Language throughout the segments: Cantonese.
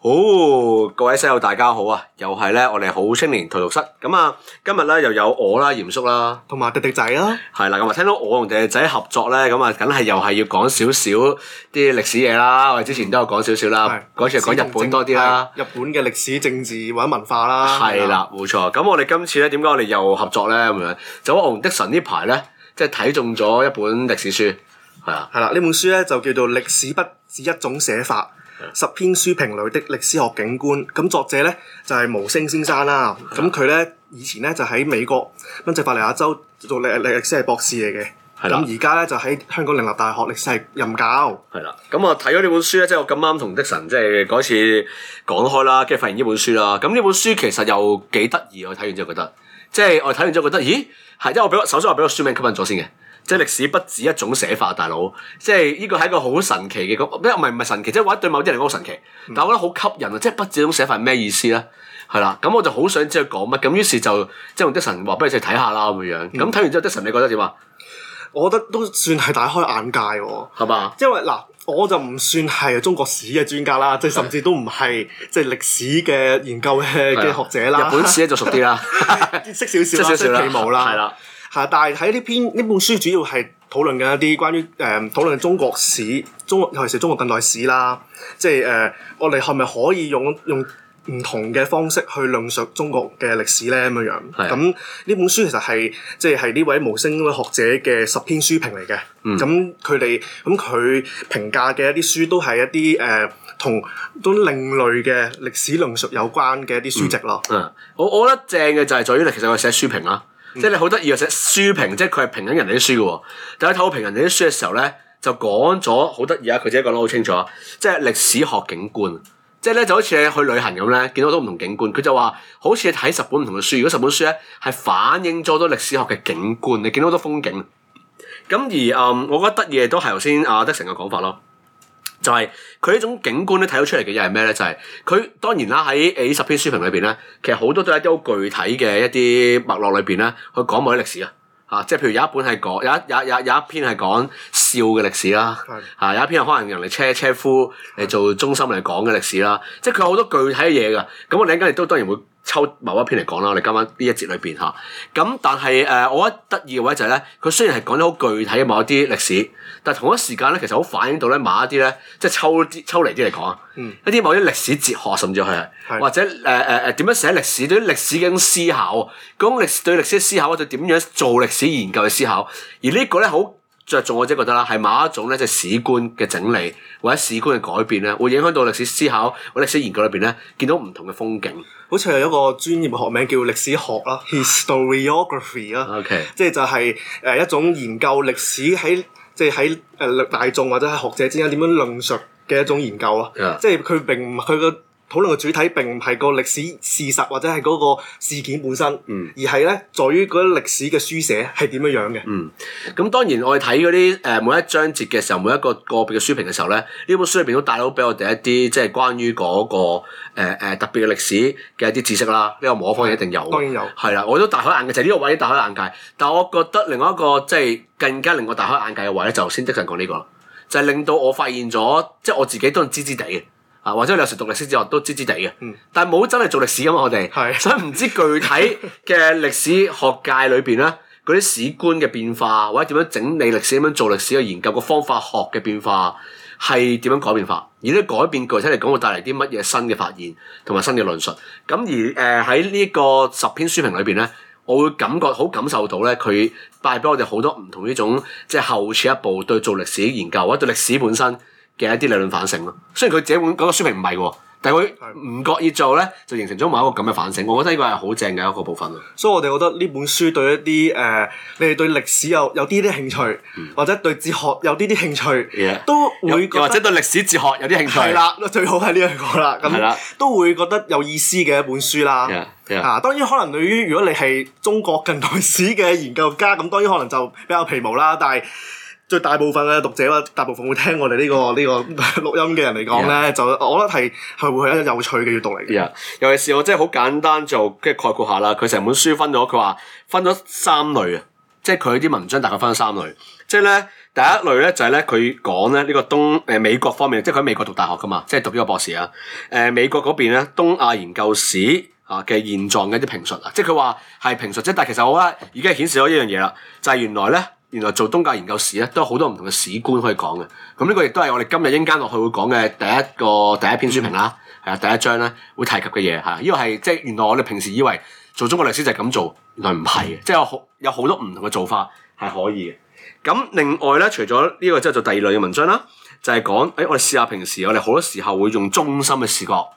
好、哦，各位室友，大家好啊！又係咧，我哋好青年荼毒室咁啊，今日咧又有我啦，鹽叔啦，同埋迪迪仔啦。係啦，咁啊，聽到我同迪迪仔合作咧，咁啊，梗係又係要講少少啲歷史嘢啦。我哋之前都有講少少啦，嗰次係講日本多啲啦，日本嘅歷史、政治或者文化啦。係啦的，冇錯的。咁我哋今次咧，點解我哋又合作咧？咁樣，就是、我同迪神呢排咧，即係睇中咗一本歷史書，係啊，係啦，呢本書咧就叫做《歷史不止一種寫法》。十篇書評裡的歷史學景觀，咁作者咧就係、是、毛升先生啦。咁佢咧以前咧就喺美國賓夕法尼亞州做歷歷歷史系博士嚟嘅。咁而家咧就喺香港嶺立大學歷史系任教。係啦。咁我睇咗呢本書咧，即、就、係、是、我咁啱同迪神即係嗰次講開啦，跟住發現呢本書啦。咁呢本書其實又幾得意，我睇完之後覺得，即、就、係、是、我睇完之後覺得，咦，係即係我俾，首先我俾個書名吸引咗先嘅。即係歷史不止一種寫法，大佬。即係呢個係一個好神奇嘅，咁咩唔係唔係神奇？即係或者對某啲人嚟講好神奇，但係我覺得好吸引啊！即係不止一種寫法係咩意思咧？係啦，咁我就好想知佢講乜，咁於是就即係同迪神話不如一齊睇下啦咁樣樣。咁睇完之後迪神，嗯、迪神，你覺得點啊？我覺得都算係大開眼界喎，係嘛吧？因為嗱，我就唔算係中國史嘅專家啦，即係甚至都唔係即係歷史嘅研究嘅嘅學者啦。日本史咧就熟啲啦， 識少少啦， 識幾毛啦，係啦。嚇！但係喺呢篇呢本書主要係討論緊一啲關於誒討論中國史、中國尤其是中國近代史啦。即係誒、呃，我哋係咪可以用用唔同嘅方式去論述中國嘅歷史咧？咁樣樣，咁呢本書其實係即係呢位毛升嘅學者嘅十篇書評嚟嘅。咁佢哋咁佢評價嘅一啲書都係一啲誒、呃、同都另類嘅歷史論述有關嘅一啲書籍咯、嗯嗯。我我覺得正嘅就係在於其實我寫書評啦。嗯、即係你好得意啊！寫書評，即係佢係評緊人哋啲書嘅喎。但係睇到評人哋啲書嘅時候咧，就講咗好得意啊！佢自己講得好清楚，即係歷史學景觀。即係咧就好似你去旅行咁咧，見到好多唔同景觀。佢就話好似你睇十本唔同嘅書。如果十本書咧係反映咗多歷史學嘅景觀，你見到好多風景。咁而嗯，我覺得得意嘅都係頭先阿德成嘅講法咯。就係佢呢種景觀咧睇到出嚟嘅嘢係咩咧？就係、是、佢當然啦喺誒十篇書評裏邊咧，其實好多都係一啲好具體嘅一啲脈絡裏邊咧去講某啲歷史啊嚇，即係譬如有一本係講有一有有有一篇係講笑嘅歷史啦嚇，有一篇、啊、有一篇可能人哋車車夫嚟、呃、做中心嚟講嘅歷史啦、啊，即係佢有好多具體嘅嘢噶，咁、啊、我哋一家亦都當然會。抽某一篇嚟講啦，我哋今晚呢一節裏邊嚇咁，但係誒、呃，我覺得得意嘅位就係、是、咧，佢雖然係講得好具體嘅某一啲歷史，但係同一時間咧，其實好反映到咧某一啲咧，即係抽啲抽離啲嚟講啊，嗯、一啲某啲歷史哲學，甚至係是或者誒誒誒點樣寫歷史，對歷史嘅思考，嗰種歷史對歷史嘅思考，就點樣做歷史研究嘅思考，而呢個咧好着重，我即係覺得啦，係某一種咧即係史觀嘅整理或者史觀嘅改變咧，會影響到歷史思考或者歷史研究裏邊咧見到唔同嘅風景。好似又有一個專業學名叫歷史學啦，historiography 啦，即係 Okay. 就係誒一種研究歷史喺即係喺誒大眾或者喺學者之間點樣論述嘅一種研究啊，即係佢並唔係佢個。討論嘅主題並唔係個歷史事實或者係嗰個事件本身，嗯、而係咧在於嗰啲歷史嘅書寫係點樣樣嘅。咁、嗯、當然我哋睇嗰啲誒每一章節嘅時候，每一個個別嘅書評嘅時候咧，呢本書入邊都帶到俾我哋一啲即係關於嗰、嗰個誒、呃、特別嘅歷史嘅一啲知識啦。呢、這個某一方一定有，當然有係啦。我都大開眼界，呢個位都大開眼界。但係我覺得另外一個即係更加令我大開眼界嘅位咧，就先得嘅講呢個，就係、是、令到我發現咗，即係我自己都係知知地嘅。或者你有時讀歷史哲學都知知地嘅，嗯、但係冇真係做歷史咁，我哋，是所以唔知具體嘅歷史學界裏邊咧，嗰啲 史觀嘅變化，或者點樣整理歷史點樣做歷史嘅研究個方法學嘅變化係點樣改變法，而啲改變具體嚟講會帶嚟啲乜嘢新嘅發現同埋新嘅論述。咁而誒喺呢個十篇書評裏邊咧，我會感覺好感受到咧，佢帶俾我哋好多唔同呢種即係後撤一步對做歷史研究或者對歷史本身嘅一啲理論反省，咯，雖然佢自己本嗰個書評唔係喎，但係佢唔覺意做咧，就形成咗某一個咁嘅反省。我覺得呢個係好正嘅一個部分咯。所以我哋覺得呢本書對一啲誒、呃，你哋對歷史有有啲啲興趣，嗯、或者對哲學有啲啲興趣，Yeah. 都會覺得或者對歷史哲學有啲興趣，係啦，最好係呢兩個啦，咁的都會覺得有意思嘅一本書啦。Yeah. Yeah. 啊，當然可能對於如果你係中國近代史嘅研究家，咁當然可能就比較皮毛啦，但係。最大部分嘅讀者啦，大部分會聽我哋呢、呢個呢、呢個錄音嘅人嚟講咧，Yeah. 就我覺得係係會係一個有趣嘅閱讀嚟嘅。Yeah. 尤其是我即係好簡單就即係概括下啦。佢成本書分咗，佢話分咗三類啊，即係佢啲文章大概分咗三類。即係咧第一類咧就係咧佢講咧呢個東誒美國方面，即係佢喺美國讀大學噶嘛，即、就、係、是、讀呢個博士啊。誒、呃、美國嗰邊咧東亞研究史啊嘅現狀嘅一啲評述啊，即係佢話係評述，即係但係其實我覺得已經係顯示咗一樣嘢啦，就係、是、原來咧。原來做東亞研究史咧，都有好多唔同嘅史觀可以講嘅。咁、這、呢個亦都係我哋今日陣間落去會講嘅第一個第一篇書評啦，係啊，第一章咧會提及嘅嘢嚇。呢、這個係即係原來我哋平時以為做中國歷史就係咁做，原來唔係嘅，即係有好有好多唔同嘅做法係可以嘅。咁另外咧，除咗呢個之後，做第二類嘅文章啦，就係講誒，我哋試下平時我哋好多時候會用中心嘅視角，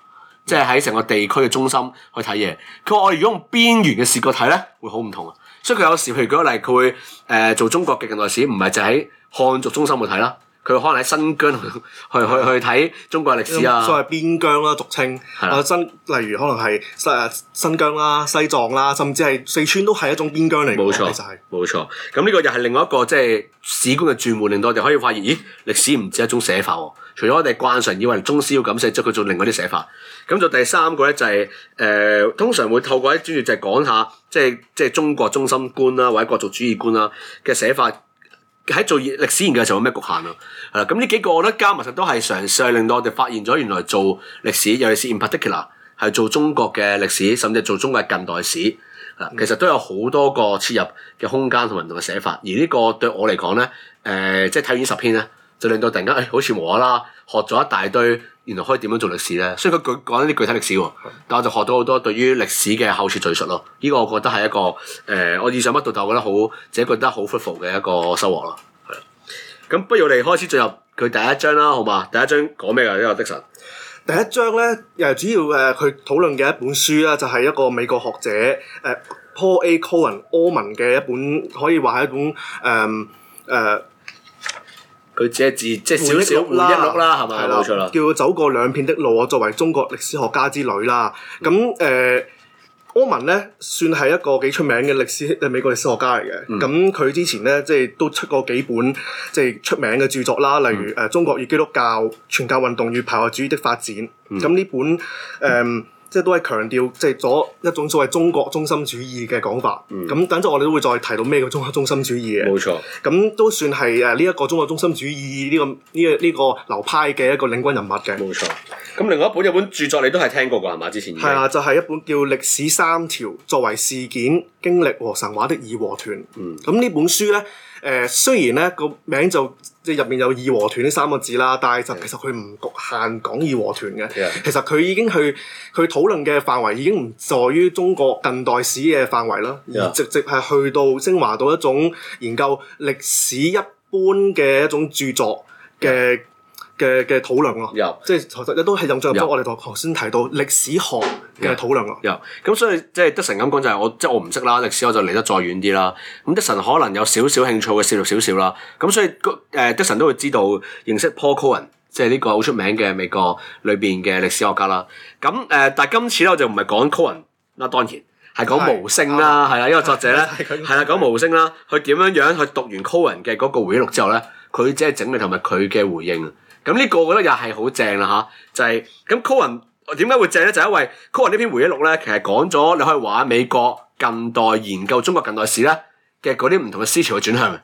即係喺成個地區嘅中心去睇嘢。佢話我哋如果用邊緣嘅視角睇咧，會好唔同啊！即佢有時，譬如舉個例，佢會誒、呃、做中國嘅近代史，唔係就喺漢族中心度睇啦，佢可能喺新疆去的去去睇中國歷史啊，所謂邊疆啦、啊，俗稱的啊新，例如可能係新新疆啦、啊、西藏啦、啊，甚至係四川都係一種邊疆嚟嘅、啊，錯其實係冇錯。咁呢個又係另外一個即係史觀嘅轉換，令到我哋可以發現，咦，歷史唔止一種寫法喎、啊。除咗我哋慣常以為中史要咁寫，即佢做另外啲寫法。咁就第三個咧，就係、是、誒、呃，通常會透過一啲專業，就係、是、講下，即係即係中國中心觀啦，或者國族主義觀啦嘅寫法。喺做歷史研究嘅時候，有咩局限啊？咁、啊、呢幾個我覺得加埋實都係嘗試，令到我哋發現咗原來做歷史，尤其是 in particular 係做中國嘅歷史，甚至做中國近代史、啊，其實都有好多個切入嘅空間同埋同嘅寫法。而呢個對我嚟講咧，誒、呃，即係睇完十篇咧。就令到突然間，誒、哎、好似無啦啦學咗一大堆，原來可以點樣做歷史咧？雖然佢講一啲具體歷史喎，嗯、但我就學到好多對於歷史嘅後設敘述咯。呢、這個我覺得係一個誒、呃，我意想不到，但我覺得好自己覺得好 fulfill 嘅一個收穫咯。係啦，咁不如我哋開始進入佢第一章啦，好嘛？第一章講咩㗎？呢、這個迪神第一章咧，又主要誒佢、呃、討論嘅一本書啦，就係、是、一個美國學者誒、呃、Paul A Cohen Orman 嘅一本，可以話係一本誒誒。呃呃佢只係自即少少回憶錄啦，係咪、啊？係啦，的啊、叫佢走過兩遍的路，我作為中國歷史學家之旅啦。咁誒、嗯，柯文咧算係一個幾出名嘅歷史誒美國歷史學家嚟嘅。咁佢、嗯、之前咧即係都出過幾本即係出名嘅著作啦，例如誒、嗯呃《中國與基督教》、《傳教運動與排外主義的發展》嗯。咁呢本誒。呃嗯即係都係強調，即係咗一種所謂中國中心主義嘅講法。咁、嗯、等陣，我哋都會再提到咩叫中國中心主義嘅。冇錯錯。咁都算係誒呢一個中國中心主義呢、這個呢、這個呢、這個流派嘅一個領軍人物嘅。冇錯。咁另外一本日本著作，你都係聽過㗎係嘛？之前係啊，就係、是、一本叫《歷史三調：作為事件、經歷和神話的義和團》。嗯。咁呢本書咧，誒、呃、雖然咧個名就，即係入面有《義和團》呢三個字啦，但係就其實佢唔局限講《義和團》嘅，Yeah. 其實佢已經去佢討論嘅範圍已經唔在於中國近代史嘅範圍啦，Yeah. 而直接係去到昇華到一種研究歷史一般嘅一種著作嘅。Yeah. 嘅嘅討論咯，yep, 即係其實都係印象入到我哋頭頭先提到歷史學嘅討論咯。有咁、yep, 嗯嗯、所以即係德神咁講就係我即係、就是、我唔識啦，歷史我就離得再遠啲啦。咁、嗯、德神可能有少少興趣會涉獵少許少啦。咁、嗯、所以個誒、呃、德臣都會知道認識 Paul Cohen，即係呢個好出名嘅美國裏邊嘅歷史學家啦。咁、嗯、誒、呃，但係今次咧就唔係講 Cohen 啦，當然係講毛升啦，係啦，因為、這個、作者咧係啦講毛升啦，佢點樣樣去讀完 Cohen 嘅嗰個回憶錄之後咧，佢即係整理同埋佢嘅回應。咁呢個我覺得又係好正啦吓，就係咁 Coen 點解會正咧？就係、因為 Coen 呢篇回憶錄咧，其實講咗你可以話美國近代研究中國近代史咧嘅嗰啲唔同嘅思潮嘅轉向，而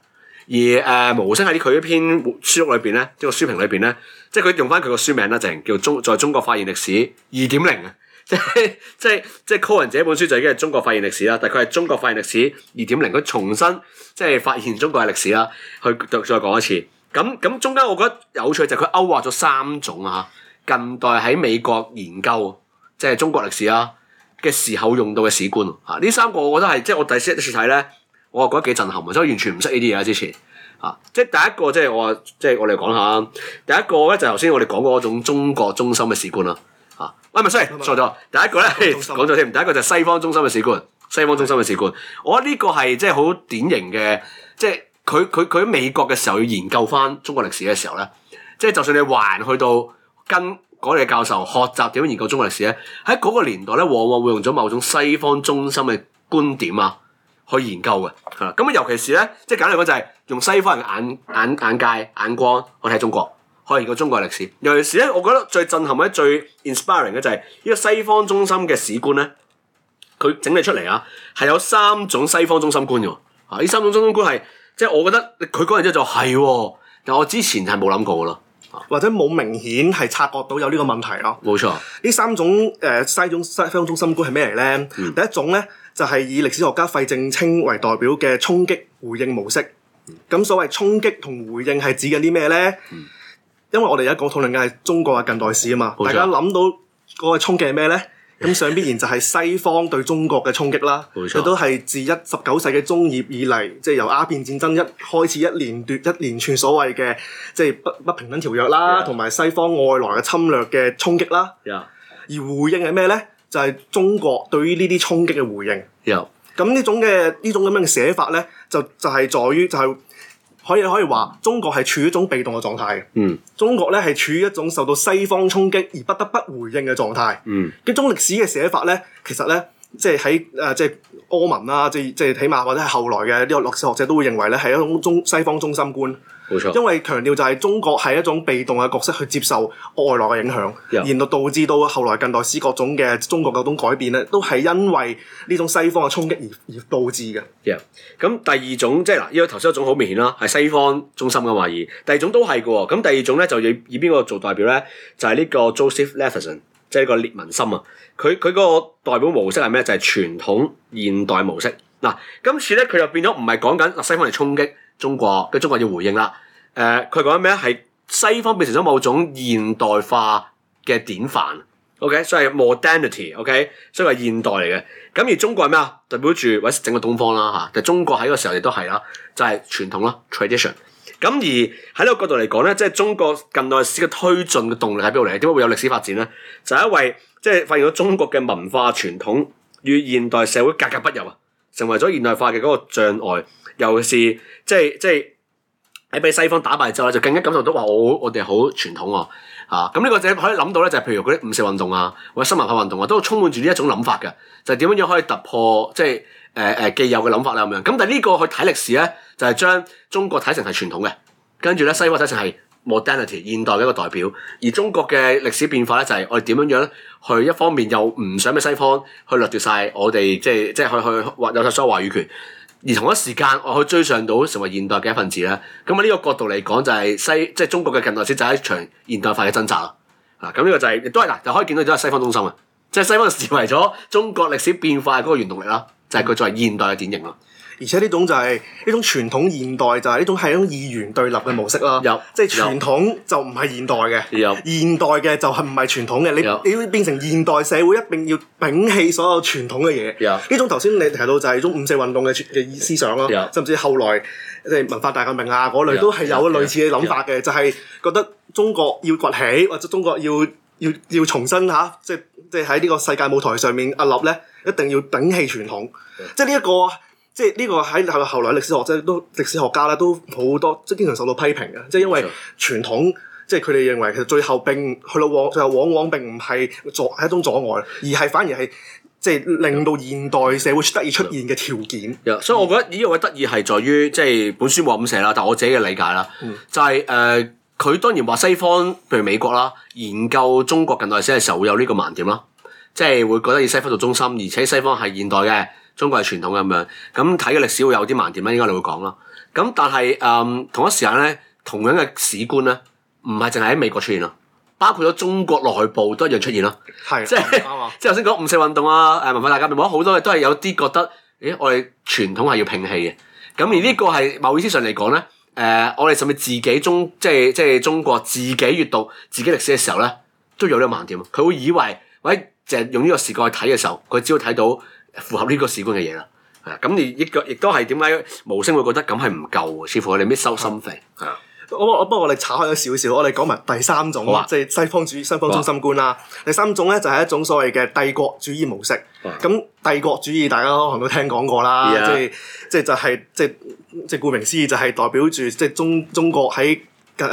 誒、呃、毛升喺佢呢篇書錄裏邊咧，即係書評裏邊咧，即係佢用翻佢個書名啦，就係叫中在中國發現歷史二點零啊！即係即係即係 Coen 這本書就已經係中國發現歷史啦，但係佢係中國發現歷史二點零，佢重新即係、就是、發現中國嘅歷史啦，去再再講一次。咁咁中間，我覺得有趣就係佢勾畫咗三種啊！近代喺美國研究即係、就是、中國歷史啦嘅時候用到嘅史觀啊，呢三個我覺得係即係我第一次睇咧，我係覺得幾震撼啊！即係完全唔識呢啲嘢啦，之前啊，即係第一個即係我即係、就是、我哋講下，第一個咧就頭先我哋講過嗰種中國中心嘅史觀啦，嚇喂咪 sorry 錯咗，第一個咧講咗添。第一個就係西方中心嘅史觀，西方中心嘅史觀，我覺得呢個係即係好典型嘅即係。就是佢佢佢喺美國嘅時候要研究返中國歷史嘅時候咧，即係就算你還去到跟嗰啲教授學習點樣研究中國歷史咧，喺嗰個年代咧，往往會用咗某種西方中心嘅觀點啊去研究嘅。咁啊、嗯，尤其是咧，即係簡單嚟講就係用西方人眼眼眼界眼光去睇中國，去研究中國嘅歷史。尤其是咧，我覺得最震撼嘅最 inspiring 嘅就係呢個西方中心嘅史觀咧，佢整理出嚟啊，係有三種西方中心觀嘅喎。啊，呢三種中心觀係。即係我覺得佢講完之後就係喎、啊，但我之前係冇諗過嘅咯，或者冇明顯係察覺到有呢個問題咯。冇錯、啊，呢三種誒、呃、西種西方中、中心觀係咩嚟咧？嗯、第一種咧就係、是、以歷史學家費正清為代表嘅衝擊回應模式。咁、嗯、所謂衝擊同回應係指緊啲咩咧？嗯、因為我哋而家講討論嘅係中國嘅近代史啊嘛，冇錯、啊大家諗到嗰個衝擊係咩咧？咁想必然就係西方對中國嘅衝擊啦，佢錯都係自一十九世紀嘅中葉以嚟，即、就、係、是、由鴉片戰爭一開始一連奪一連串所謂嘅即係不不平等條約啦，同埋 Yeah. 西方外來嘅侵略嘅衝擊啦。Yeah. 而回應係咩呢？就係、是、中國對於呢啲衝擊嘅回應。咁呢 Yeah.、嗯、種嘅呢種咁樣嘅寫法呢，就就係、是、在於就係、是。可以可以話，中國係處於一種被動嘅狀態。嗯，中國咧係處於一種受到西方衝擊而不得不回應嘅狀態。嗯，咁中歷史嘅寫法咧，其實咧，即係喺誒即係柯文啦，即係、啊、即係起碼或者係後來嘅呢個歷史學者都會認為咧係一種中西方中心觀。冇錯，因為強調就係中國係一種被動嘅角色去接受外來嘅影響，然後導致到後來近代史各種嘅中國嘅各種改變咧，都係因為呢種西方嘅衝擊而而導致嘅。咁、yeah，第二種即係嗱，依、這個頭先一種好明顯啦，係西方中心嘅懷疑。第二種都係嘅，咁第二種咧就以以邊個做代表咧？就係、是、呢個 Joseph Levenson，即係呢個列文森啊。佢佢個代表模式係咩？就係、是、傳統現代模式。嗱，今次咧佢就變咗唔係講緊西方嚟衝擊。中國嘅中國要回應啦，誒、呃，佢講緊咩咧？係西方變成咗某種現代化嘅典範，OK，所以 modernity，OK，okay? 所以話現代嚟嘅。咁而中國係咩啊？代表住或者整個東方啦嚇，但、啊、中國喺個時候亦都係啦，就係、是、傳統啦，tradition。咁、啊 trad 啊、而喺呢個角度嚟講咧，即、就、係、是、中國近代史嘅推進嘅動力喺邊度嚟？點解會有歷史發展咧？就係、是、因為即係、就是、發現咗中國嘅文化傳統與現代社會格格不入啊，成為咗現代化嘅嗰個障礙。尤其是即係即係喺俾西方打敗之後，就更加感受到話我我哋好傳統喎嚇。咁呢個就可以諗到咧，就係譬如嗰啲五四運動啊，或者新文化運動啊，都充滿住呢一種諗法嘅，就點樣樣可以突破即係誒誒既有嘅諗法啦咁樣。咁但係呢個去睇歷史咧，就係將中國睇成係傳統嘅，跟住咧西方睇成係 modernity 現代嘅一個代表。而中國嘅歷史變化咧，就係我哋點樣樣去一方面又唔想俾西方去掠奪晒我哋，即係即係去去或有晒所謂話語權。而同一時間，我去追上到成為現代嘅一份子咧。咁啊，呢個角度嚟講就，就係西即係中國嘅近代史就係一場現代化嘅掙扎啦。啊，咁呢個就係都係嗱，就可以見到都係西方中心啊。即係西方視為咗中國歷史變化嗰個原動力啦，就係佢作為現代嘅典型啦。而且呢種就係、係、呢種傳統現代就係呢種係一種二元對立嘅模式啦。有，Yeah, 即係傳統就唔係現代嘅。有，Yeah. 現代嘅就係唔係傳統嘅。你 Yeah. 你要變成現代社會，一定要摒棄所有傳統嘅嘢。呢 Yeah. 種頭先你提到就係一種五四運動嘅嘅思想咯。Yeah. 甚至後來即係文化大革命啊嗰類 Yeah. 都係有類似嘅諗法嘅，yeah. Yeah. Yeah. Yeah. 就係覺得中國要崛起或者中國要要要重新嚇、啊，即係即係喺呢個世界舞台上面屹立咧，一定要摒棄傳統。Yeah. 即係呢一個。即係呢個喺後後來歷史學者都歷史學家咧都好多即係經常受到批評嘅，即係因為傳統即係佢哋認為其實最後並去到往最後往往並唔係阻係一種阻礙，而係反而係即係令到現代社會得以出現嘅條件。所以我覺得呢一個得意係在於即係本書冇咁寫啦，但我自己嘅理解啦，mm hmm. 就係誒佢當然話西方譬如美國啦，研究中國近代史嘅時候會有呢個盲點啦，即係會覺得以西方做中心，而且西方係現代嘅。中國係傳統嘅咁樣，咁睇嘅歷史會有啲盲點啦，應該你會講咯。咁但係誒、呃、同一時間咧，同樣嘅史觀咧，唔係淨係喺美國出現咯，包括咗中國內部都一樣出現咯。係的，即係吧即係頭先講五四運動啊，誒文化大革命、啊，好多嘢都係有啲覺得，咦？我哋傳統係要摒棄嘅。咁而呢個係某意思上嚟講咧，誒、呃、我哋甚至自己中即係即係中國自己閲讀自己歷史嘅時候咧，都有呢個盲點。佢會以為，或者淨係用呢個視角去睇嘅時候，佢只會睇到符合呢個史觀嘅嘢啦，係啊，咁而亦亦都係點解毛升會覺得咁係唔夠，似乎我哋咩收心肺，係啊。啊我我不過我哋炒開咗少少，我哋講埋第三種啊，即係西方主西方中心觀啦。啊、第三種咧就係、係、一種所謂嘅帝國主義模式。咁、啊、帝國主義大家可能都聽講過啦，即係即係就係即即顧名思義就係代表住即、即係、中中國喺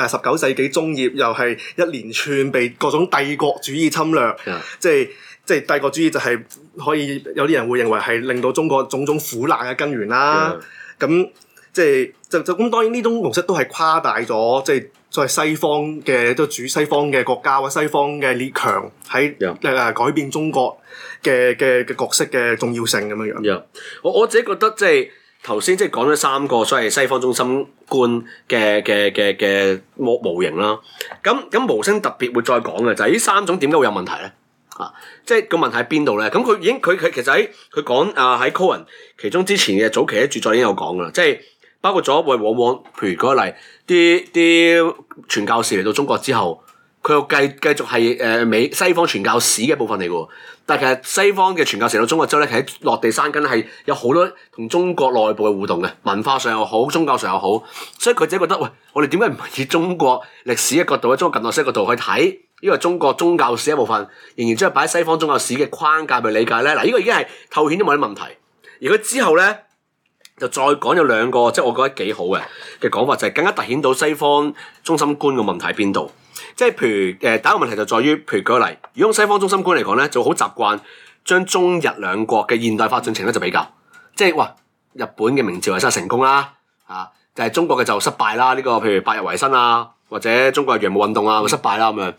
十九世紀中葉又係一連串被各種帝國主義侵略，Yeah. 即係即係帝國主義就係可以有啲人會認為係令到中國種種苦難嘅根源啦。咁 Yeah. 即係就就咁當然呢種模式都係誇大咗，即係所謂西方嘅即係主西方嘅國家或西方嘅列強喺誒改變中國嘅嘅嘅角色嘅重要性咁樣樣。Yeah. 我我自己覺得即係。頭先即係講咗三個所謂西方中心觀嘅嘅嘅嘅模模型啦，咁咁毛升特別會再講嘅就係、是、呢三種點解會有問題咧？啊，即係個問題喺邊度咧？咁、嗯、佢已經佢佢其實喺佢講啊喺 Cohen、oh、其中之前嘅早期嘅著作已經有講噶啦，即係包括咗會往往，譬如舉一例啲啲傳教士嚟到中國之後。佢又繼繼續係誒美西方傳教史嘅部分嚟㗎喎，但係其實西方嘅傳教成到中國之後咧，其實落地生根係有好多同中國內部嘅互動嘅，文化上又好，宗教上又好，所以佢自己覺得喂，我哋點解唔以中國歷史嘅角度咧，中國近代史嘅角度去睇呢個中國宗教史一部分，仍然將係擺西方宗教史嘅框架去理解咧？嗱，呢個已經係透顯都冇啲問題。而果之後咧，就再講咗兩個，即係我覺得幾好嘅嘅講法，就係更加凸顯到西方中心觀嘅問題喺邊度。即係譬如誒，第一個問題就在於，譬如舉個例，如果西方中心觀嚟講咧，就好習慣將中日兩國嘅現代化進程咧就比較，即係話日本嘅明治維新成功啦，嚇、啊，就係、是、中國嘅就失敗啦。呢、這個譬如百日維新啊，或者中國嘅洋務運動啊，失敗啦咁、嗯、樣。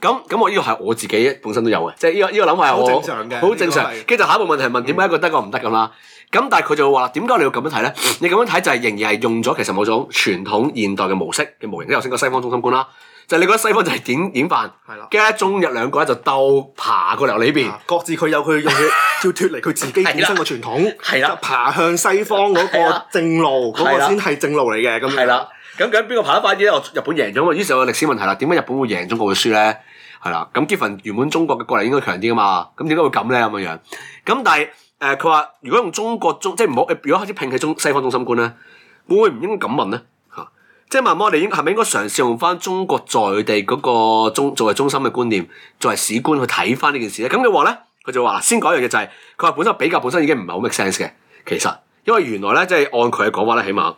咁、嗯、咁，我呢個係我自己本身都有嘅，即係呢個依、這個諗法，好正常嘅，好正常。跟住就是、下一個問題問點解一個得一個唔得咁啦。咁、嗯、但係佢就話啦，點解你要咁樣睇咧？你咁樣睇就係仍然係用咗其實某種傳統現代嘅模式嘅模型，即係頭先講西方中心觀啦。就你覺得西方就係點點辦？係啦了，跟住中日兩個咧就鬥爬過嚟呢邊，了各自佢有佢用要要脱離佢自己本身個傳統，係啦了，就爬向西方嗰個正路，嗰個先係正路嚟嘅。咁樣係啦，咁究竟邊個爬得快啲咧？我日本贏咗嘛？於是有個歷史問題啦，點解日本會贏中國會輸咧？係啦，咁基本原本中國嘅國力應該強啲噶嘛？咁點解會咁咧？咁樣樣咁，但係誒佢話如果用中國中即係唔好如果開始拼喺中西方中心觀咧，會唔應該咁問咧？即係，起碼我哋應係咪應該嘗試用翻中國在地嗰個中作為中心嘅觀念，作為史觀去睇翻呢件事咧？咁佢話咧，佢就話先講一樣嘢就係，佢話本身比較本身已經唔係好 make sense 嘅，其實因為原來咧，即係按佢嘅講法咧，起碼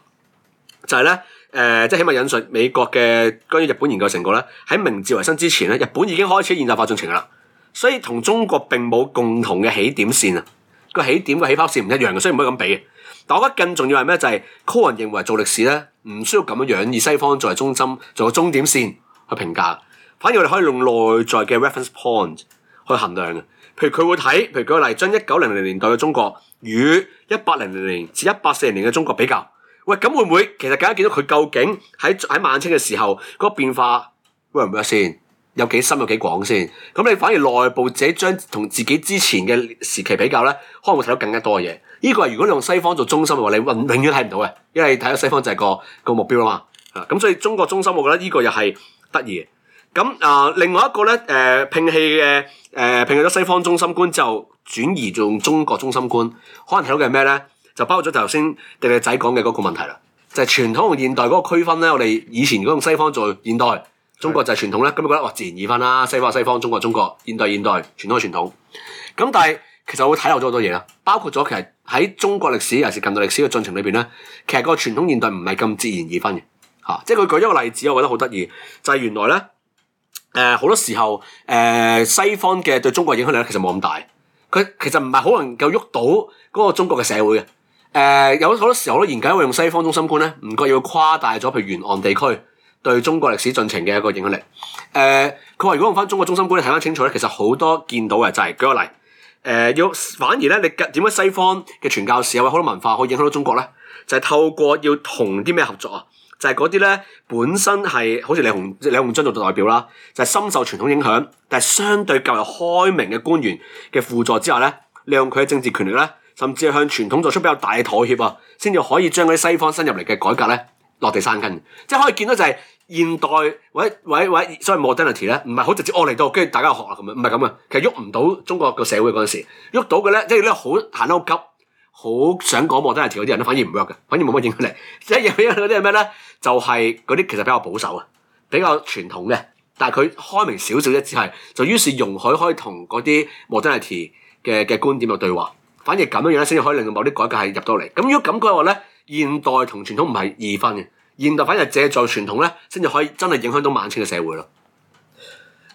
就係咧，誒、呃，即係起碼引述美國嘅關於日本研究成果咧，喺明治維新之前咧，日本已經開始現代化進程啦，所以同中國並冇共同嘅起點線啊，個起點嘅起跑線唔一樣嘅，所以唔可以咁比嘅。但我覺得更重要係咩？就係柯文認為做歷史咧。唔需要咁樣樣以西方作為中心作為終點線去評價，反而我哋可以用內在嘅 reference point 去衡量嘅。譬如佢會睇，譬如舉個例，將一九零零年代嘅中國與一八零零年至一八四零年嘅中國比較，喂，咁會唔會其實大家見到佢究竟喺喺晚清嘅時候嗰、嗰個變化會唔會先有幾深有幾廣先？咁你反而內部自己將同自己之前嘅時期比較咧，可能會睇到更加多嘅嘢。呢個係如果你用西方做中心嘅話，你永永遠睇唔到嘅，因為你睇到西方就係個個目標啊嘛。咁、啊、所以中國中心，我覺得呢個又係得意嘅。咁啊，另外一個呢，誒摒棄嘅誒摒棄咗西方中心觀之後，轉移做中國中心觀，可能睇到嘅係咩呢？就包括咗頭先迪迪仔講嘅嗰個問題啦，就係、是、傳統同現代嗰個區分呢。我哋以前如果用西方做現代，中國就係傳統呢。咁是的 覺得哦自然易分啦、啊，西方、西方，中國中國，現代現代，傳統傳統。咁、嗯、但係。其實我會睇漏咗好多嘢啦，包括咗其實喺中國歷史尤其是近代歷史嘅進程裏邊咧，其實個傳統現代唔係咁自然而分嘅吓、啊，即係佢舉一個例子，我覺得好得意就係、是、原來咧，誒、呃、好多時候誒、呃、西方嘅對中國嘅影響力其實冇咁大，佢其實唔係好能夠喐到嗰個中國嘅社會嘅，誒、呃、有好多時候我都研究會用西方中心觀咧，唔覺要誇大咗譬如沿岸地區對中國歷史進程嘅一個影響力，誒佢話如果用翻中國中心觀咧睇翻清楚咧，其實好多見到嘅就係、是、舉個例。誒、呃，要反而咧，你點解西方嘅傳教士有好多文化可以影響到中國咧？就係、是、透過要同啲咩合作啊？就係嗰啲咧本身係好似李鴻李鴻章做代表啦，就係、是、深受傳統影響，但係相對較為開明嘅官員嘅輔助之下咧，利用佢嘅政治權力咧，甚至係向傳統作出比較大嘅妥協啊，先至可以將嗰啲西方新入嚟嘅改革咧落地生根，即係可以見到就係、是。現代，喂喂喂，所謂 modernity 咧，唔係好直接我嚟、哦、到，跟住大家學啊咁樣，唔係咁嘅。其實喐唔到中國個社會嗰陣時，喐到嘅咧，即係咧好行得好急，好想講 modernity 嗰啲人咧，反而唔喐嘅，反而冇乜影響力。即係入邊嗰啲係咩咧？就係嗰啲其實比較保守啊，比較傳統嘅。但係佢開明少少一啲，係就於是容許可以同嗰啲 modernity 嘅嘅觀點嘅對話。反而咁樣樣咧，先至可以令到某啲改革係入到嚟。咁如果咁嘅話咧，現代同傳統唔係二分嘅。現代化反而借助傳統咧，先至可以真係影響到晚清嘅社會咯。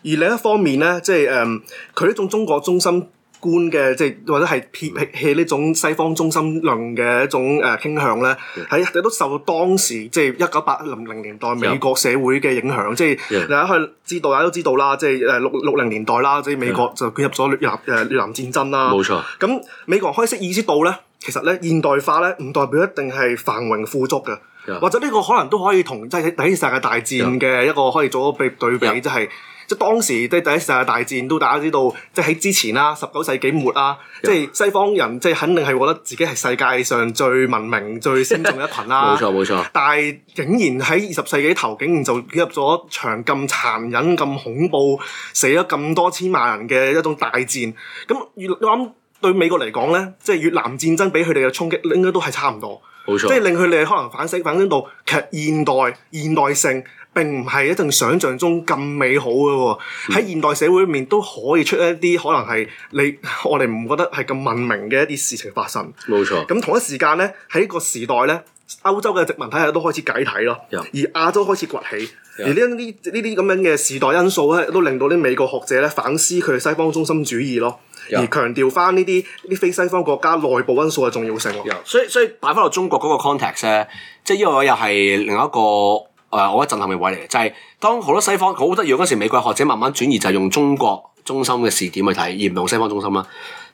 而另一方面咧，即係誒，佢、嗯、呢種中國中心觀嘅，即係或者係撇棄呢種西方中心論嘅一種誒、呃、傾向咧，喺亦都受到當時即係一九八零零年代美國社會嘅影響。即係大家知道大家都知道啦，即係誒六六零年代啦，即係美國就捲入咗越誒越南戰爭啦。冇 Yeah. 錯。咁美國開始意識到咧，其實咧現代化咧唔代表一定係繁榮富足嘅。Yeah. 或者呢個可能都可以同即係喺第一次世界大戰嘅一個可以做一個對比，即係即係當時即係第一次世界大戰，都大家都知道，即係喺之前啦、啊，十九世紀末啦、啊，即係 Yeah. 西方人即係肯定係覺得自己係世界上最文明、Yeah. 最先進嘅一群啦、啊。冇 錯，冇錯。但係竟然喺二十世紀頭，竟然就陷入咗場咁殘忍、咁恐怖、死咗咁多千萬人嘅一種大戰。咁我諗對美國嚟講呢，即係越南戰爭俾佢哋嘅衝擊，應該都係差唔多。即係令佢哋可能反省反省，到其實現代現代性並唔係一定想像中咁美好嘅喎、哦。喺、嗯、現代社會裏面都可以出一啲可能係你我哋唔覺得係咁文明嘅一啲事情發生。冇錯。咁同一時間咧，喺一個時代咧，歐洲嘅殖民體系都開始解體咯，嗯、而亞洲開始崛起，嗯、而呢啲呢啲咁樣嘅時代因素咧，都令到啲美國學者咧反思佢西方中心主義咯。而強調翻呢啲啲非西方國家內部因素嘅重要性，Yeah. 所以所以擺翻落中國嗰個 context 咧，即係呢個又係另一個誒、呃，我覺得震撼嘅位嚟嘅，就係、是、當好多西方好得意嗰時，美國學者慢慢轉移就係用中國中心嘅視點去睇，而唔用西方中心啦。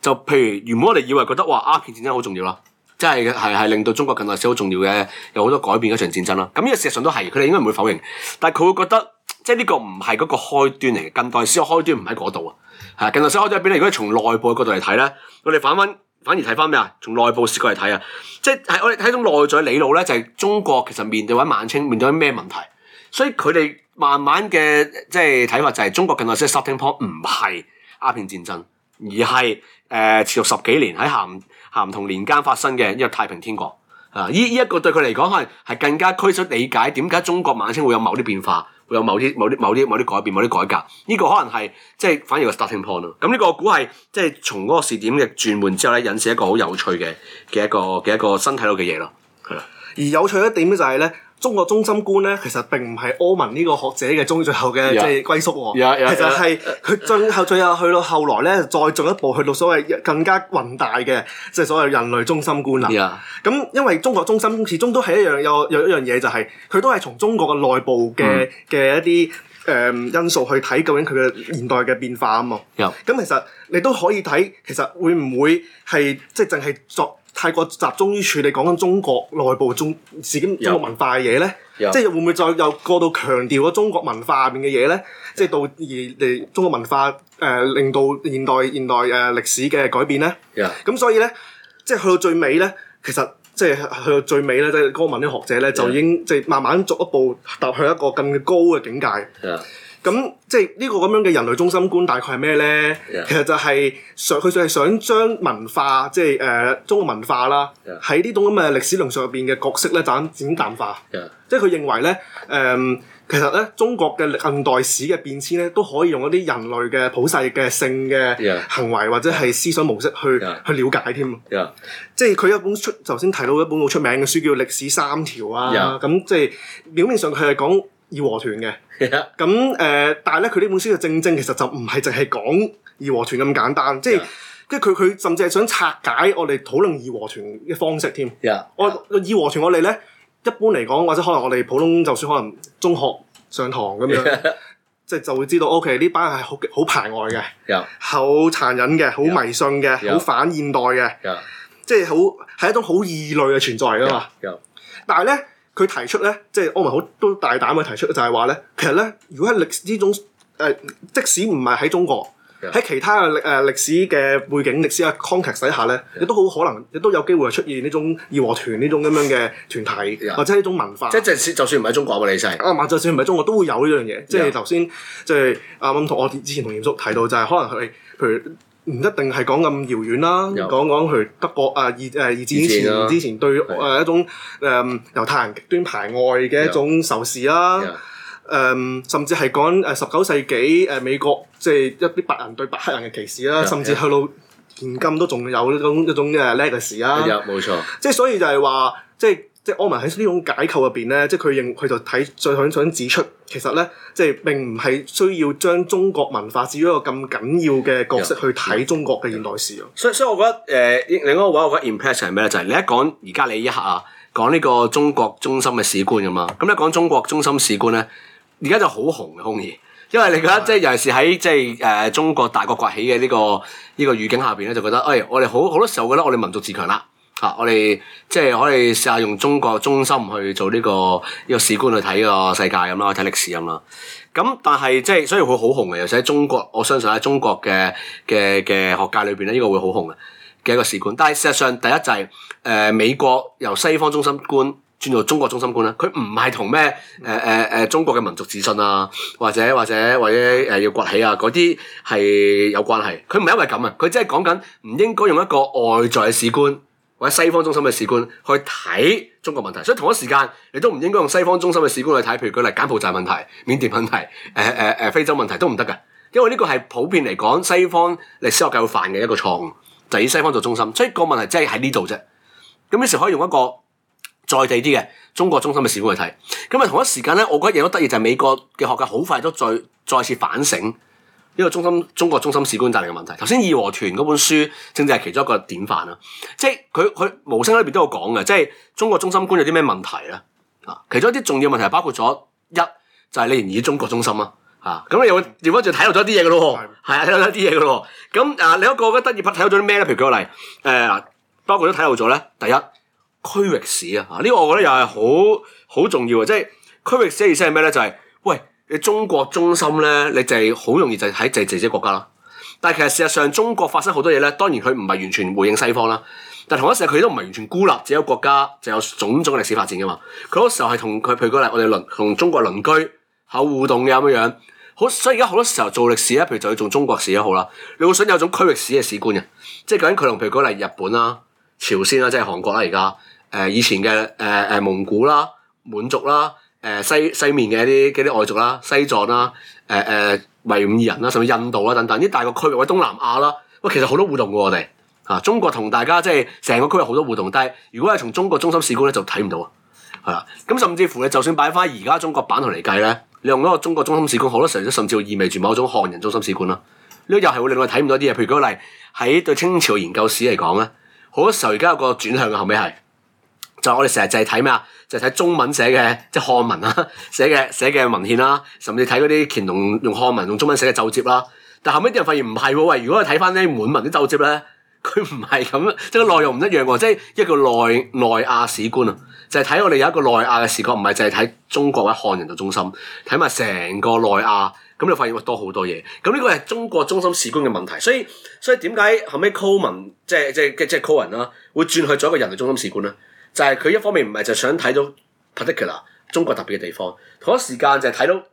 就譬如原本我哋以為覺得哇，鴉、啊、片戰爭好重要啦，即係係係令到中國近代史好重要嘅，有好多改變嘅一場戰爭啦。咁呢個事實上都係，佢哋應該唔會否認，但係佢會覺得即係呢個唔係嗰個開端嚟嘅，近代史嘅開端唔喺嗰度啊。係近代史可以喺你咧？如果從內部嘅角度嚟睇咧，我哋反翻反而睇翻咩啊？從內部視角嚟睇啊，即係我哋睇一種內在理路咧，就係、是、中國其實面對緊晚清面對緊咩問題？所以佢哋慢慢嘅即係睇法就係、是，中國近代史 starting point 唔係鴉片戰爭，而係誒、呃、持續十幾年喺咸咸同年間發生嘅一個太平天國啊！呢呢一個對佢嚟講可能係更加驅使理解點解中國晚清會有某啲變化。有某啲某啲某啲某啲改變某啲改革，呢、這個可能係即係反而個 starting point 咯。咁呢個我估係即係從嗰個視點嘅轉換之後咧，引致一個好有趣嘅嘅一個嘅一個新睇到嘅嘢咯。係啦，而有趣一點咧就係、是、咧。中國中心觀咧，其實並唔係柯文呢個學者嘅終最後嘅即係歸宿 yeah. Yeah. 其實係佢最後最後去到後來咧，再進一步去到所謂更加宏大嘅即係所謂人類中心觀啦。咁 Yeah. 因為中國中心始終都係一樣有有一樣嘢、就是，就係佢都係從中國嘅內部嘅嘅、mm. 一啲誒因素去睇究竟佢嘅現代嘅變化啊嘛。咁 Yeah. 其實你都可以睇，其實會唔會係即係淨係作？太過集中於處理講緊中國內部中自己中國文化嘅嘢咧，Yeah. 即係會唔會再又過度強調咗中國文化入面嘅嘢咧？即係 Yeah. 到而嚟中國文化誒、呃，令到現代現代誒歷、呃、史嘅改變咧。咁 Yeah. 所以咧，即係去到最尾咧，其實即係去到最尾咧，即係柯文啲學者咧，就已經即係慢慢逐一步踏向一個更高嘅境界。Yeah. 咁即係呢個咁樣嘅人類中心觀，大概係咩咧？Yeah. 其實就係想佢就係想將文化，即係誒、呃、中國文化啦，喺呢 Yeah. 種咁嘅歷史論述入邊嘅角色咧，就咁漸淡化。Yeah. 即係佢認為咧，誒、呃、其實咧中國嘅近代史嘅變遷咧，都可以用一啲人類嘅普世嘅性嘅行為 Yeah. 或者係思想模式去去瞭解添。Yeah. 即係佢一本出頭先提到一本好出名嘅書叫《歷史三條》啊。咁 Yeah. 即係表面上佢係講《義和團》嘅。咁誒，Yeah. 但係咧，佢呢本書嘅正正其實就唔係淨係講義和團咁簡單，Yeah. 即係即係佢佢甚至係想拆解我哋討論義和團嘅方式添。我 Yeah. Yeah. 義和團我哋咧一般嚟講，或者可能我哋普通就算可能中學上堂咁樣，即係 Yeah. 就會知道 OK 呢班係好好排外嘅，好 Yeah. 殘忍嘅，好迷信嘅，好 Yeah. 反現代嘅，Yeah. 即係好係一種好異類嘅存在㗎嘛。Yeah. Yeah. 但係咧。佢提出咧，即係阿文好都大膽去提出，就係話咧，其實咧，如果喺歷史呢種誒，即使唔係喺中國，喺 Yeah. 其他嘅歷誒歷史嘅背景、歷史嘅 context 底下咧，亦 Yeah. 都好可能，亦都有機會出現呢種義和團呢 種咁樣嘅團體，Yeah. 或者呢種文化。即係即使就算唔係中國嘅歷史，你啊，就算唔係中國都會有呢樣嘢。Yeah. 即係頭先，即係阿文同我之前同嚴叔提到，就係可能佢。譬如。譬如譬如唔一定係講咁遙遠啦，講講佢德國啊，二誒二戰之前，以前、啊、之前對誒是的、啊、一種誒猶、嗯、太人極端，端排外嘅一種仇視啦，誒有、啊嗯、甚至係講誒十九世紀誒美國即係、就是、一啲白人對白黑人嘅歧視啦，有甚至去到現今都仲有呢種一種嘅 legacy、嗯、啊，有冇錯？即係所以就係話即係。就是即係柯文喺呢種解構入邊咧，即係佢認佢就睇再想想指出，其實咧即係並唔係需要將中國文化置於一個咁緊要嘅角色去睇中國嘅現代史啊。所以所以我覺得誒、呃、另一個位，我覺得 impression 係咩咧？就係你一講而家你一刻啊，講呢個中國中心嘅史觀咁嘛。咁你一講中國中心史觀咧，而家就好紅嘅，空氣因為你覺得即係的尤其是喺即係誒中國大國崛起嘅呢、呢個呢、呢個語境下邊咧，就覺得誒、哎、我哋好好多時候覺得我哋民族自強啦。吓、啊，我哋即係可以試下用中國中心去做呢個呢個史觀去睇呢個世界咁啦，去睇歷史咁啦。咁但係即係，所以會好紅嘅，尤其喺中國。我相信喺中國嘅嘅嘅學界裏邊咧，呢個會好紅嘅嘅一個史觀。但係事實上，第一就係誒美國由西方中心觀轉做中國中心觀咧，佢唔係同咩誒誒誒中國嘅民族自信啊，或者或者或者誒要崛起啊嗰啲係有關係。佢唔係因為咁啊，佢只係講緊唔應該用一個外在嘅史觀。喺西方中心嘅史觀去睇中國問題，所以同一時間你都唔應該用西方中心嘅史觀去睇，譬如舉例柬埔寨問題、緬甸問題、誒誒誒非洲問題都唔得㗎，因為呢個係普遍嚟講西方歷史學界會犯嘅一個錯誤，就以西方做中心。所以個問題真係喺呢度啫。咁於是可以用一個在地啲嘅中國中心嘅史觀去睇。咁啊同一時間咧，我覺得亦都得意就係美國嘅學界好快都再再次反省。呢個中心中國中心史觀責任嘅問題，頭先《義和團》嗰本書正正係其中一個典範啦。即係佢佢無聲裏邊都有講嘅，即係中國中心觀有啲咩問題咧？啊，其中一啲重要問題包括咗一就係、是、你仍然以中國中心啊。啊，咁又葉君就睇到咗啲嘢嘅咯。係的啊，睇到啲嘢嘅咯。咁啊，另一個嘅得意品睇到咗啲咩咧？譬如舉個例，誒，包括都睇到咗咧。第一區域史。啊，呢、這個我覺得又係好好重要嘅，即係區域史意思係咩咧？就係、是、喂。你中國中心咧，你就係好容易就喺就係自己，自己國家啦。但係其實事實上，中國發生好多嘢咧。當然佢唔係完全回應西方啦。但同一時，佢都唔係完全孤立自己國家，就有種種歷史發展嘅嘛。佢好多時候係同佢，譬如舉例，我哋鄰同中國鄰居係互動嘅咁樣樣。好，所以而家好多時候做歷史咧，譬如就去做中國史都好啦。你會想有種區域史嘅史觀嘅，即係究竟佢同譬如舉例日本啦、啊、朝鮮啦、啊，即係韓國啦而家。誒、呃、以前嘅誒誒蒙古啦、啊、滿族啦、啊。誒西西面嘅一啲嘅啲外族啦，西藏啦，誒、呃、誒維吾爾人啦，甚至印度啦等等，呢大個區域，或者，喂，東南亞啦，喂，其實好多互動㗎我哋，啊，中國同大家即係成個區域好多互動，但係如果係從中國中心史觀咧，就睇唔到啊，係啦，咁甚至乎你就算擺翻而家中國版圖嚟計咧，你用嗰個中國中心史觀，好多時候甚至意味住某種漢人中心史觀啦，呢個又係會令我哋睇唔到啲嘢，譬如舉個例喺對清朝研究史嚟講咧，好多時候而家有個轉向嘅後尾係。就我哋成日就係睇咩啊？就係、是、睇中文寫嘅，即係漢文啦、啊，寫嘅寫嘅文獻啦、啊，甚至睇嗰啲乾隆用漢文用中文寫嘅奏折啦。但後尾啲人發現唔係喎，喂！如果我睇翻啲滿文啲奏折咧，佢唔係咁，即係個內容唔一樣喎。即係一個內內亞史觀啊，就係、是、睇我哋有一個內亞嘅視角，唔係淨係睇中國或者漢人嘅中心，睇埋成個內亞。咁你發現會多好多嘢。咁呢個係中國中心史觀嘅問題。所以所以點解後尾柯文即係即係即係柯文啦，會轉去咗一個人類中心史觀咧？就係佢一方面唔係就係、想睇到 particular 中國特別嘅地方，同一時間就係睇到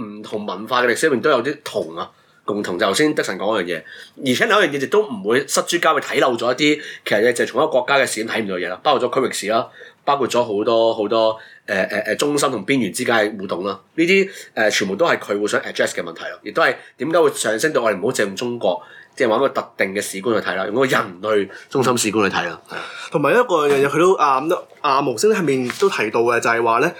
唔同文化嘅歷史入面都有啲同啊共同。就頭先德臣講嗰樣嘢，而且兩樣嘢亦都唔會失諸交臂，睇漏咗一啲其實咧就係從一個國家嘅視野睇唔到嘢咯，包括咗區域史啦，包括咗好多好多誒誒誒中心同邊緣之間嘅互動啦，呢啲誒全部都係佢會想 address 嘅問題咯，亦都係點解會上升到我哋唔好只用中國。即係玩一個特定嘅史觀去睇啦，用嗰個人類中心史觀去睇啦。同埋一樣嘢，佢都啊，阿毛升喺面都提到嘅，就係話咧，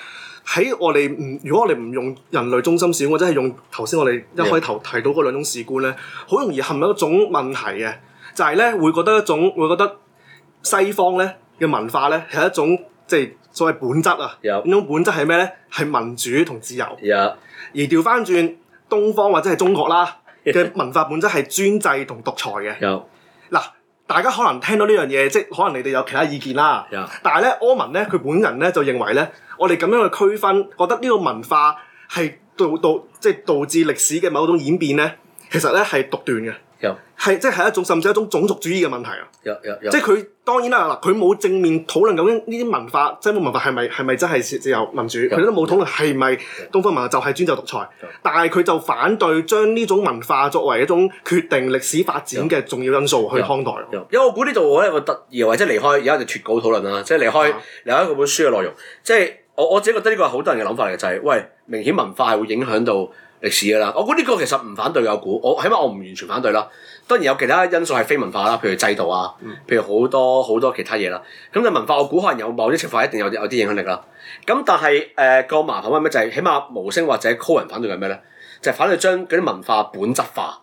喺我哋唔如果我哋唔用人類中心史觀，或者係用頭先我哋一開頭提到嗰兩種史觀咧，好容易陷入一種問題嘅，就係、是、咧會覺得一種會覺得西方咧嘅文化咧係一種即係、就是、所謂本質啊。有呢種本質係咩咧？係民主同自由。Yep. 而調返轉東方或者係中國啦。嘅 文化本質係專制同獨裁嘅。有嗱，大家可能聽到呢樣嘢，即係可能你哋有其他意見啦。 但係咧，柯文咧佢本人咧就認為咧，我哋咁樣嘅區分，覺得呢個文化係導導即係、就是、導致歷史嘅某種演變咧，其實咧係獨斷嘅。係，即係一種甚至一種種族主義嘅問題啊！Yeah, yeah, yeah. 即係佢當然啦，嗱，佢冇正面討論究竟呢啲文化，即西方文化係咪係咪真係自由民主？佢都冇討論係咪東方文化就係專制獨裁？Yeah, yeah. 但係佢就反對將呢種文化作為一種決定歷史發展嘅重要因素去看待。Yeah, yeah. 因為我估呢度我有一個特異，或者離開而家就脫稿討論啦，即係離開另外 Yeah. 一個本書嘅內容。即係我我自己覺得呢個係好多人嘅諗法嚟、就、嘅、是，就係喂，明顯文化係會影響到。歷史噶啦，我估呢個其實唔反對嘅，我估，我起碼我唔完全反對啦。當然有其他因素係非文化啦，譬如制度啊，譬如好多好多其他嘢啦。咁嘅文化我估可能有某啲情況一定有有啲影響力啦。咁但係誒、呃嗰個麻煩係咩？就係起碼模式或者 c 人反對係咩咧？就係、是、反對將嗰啲文化本質化，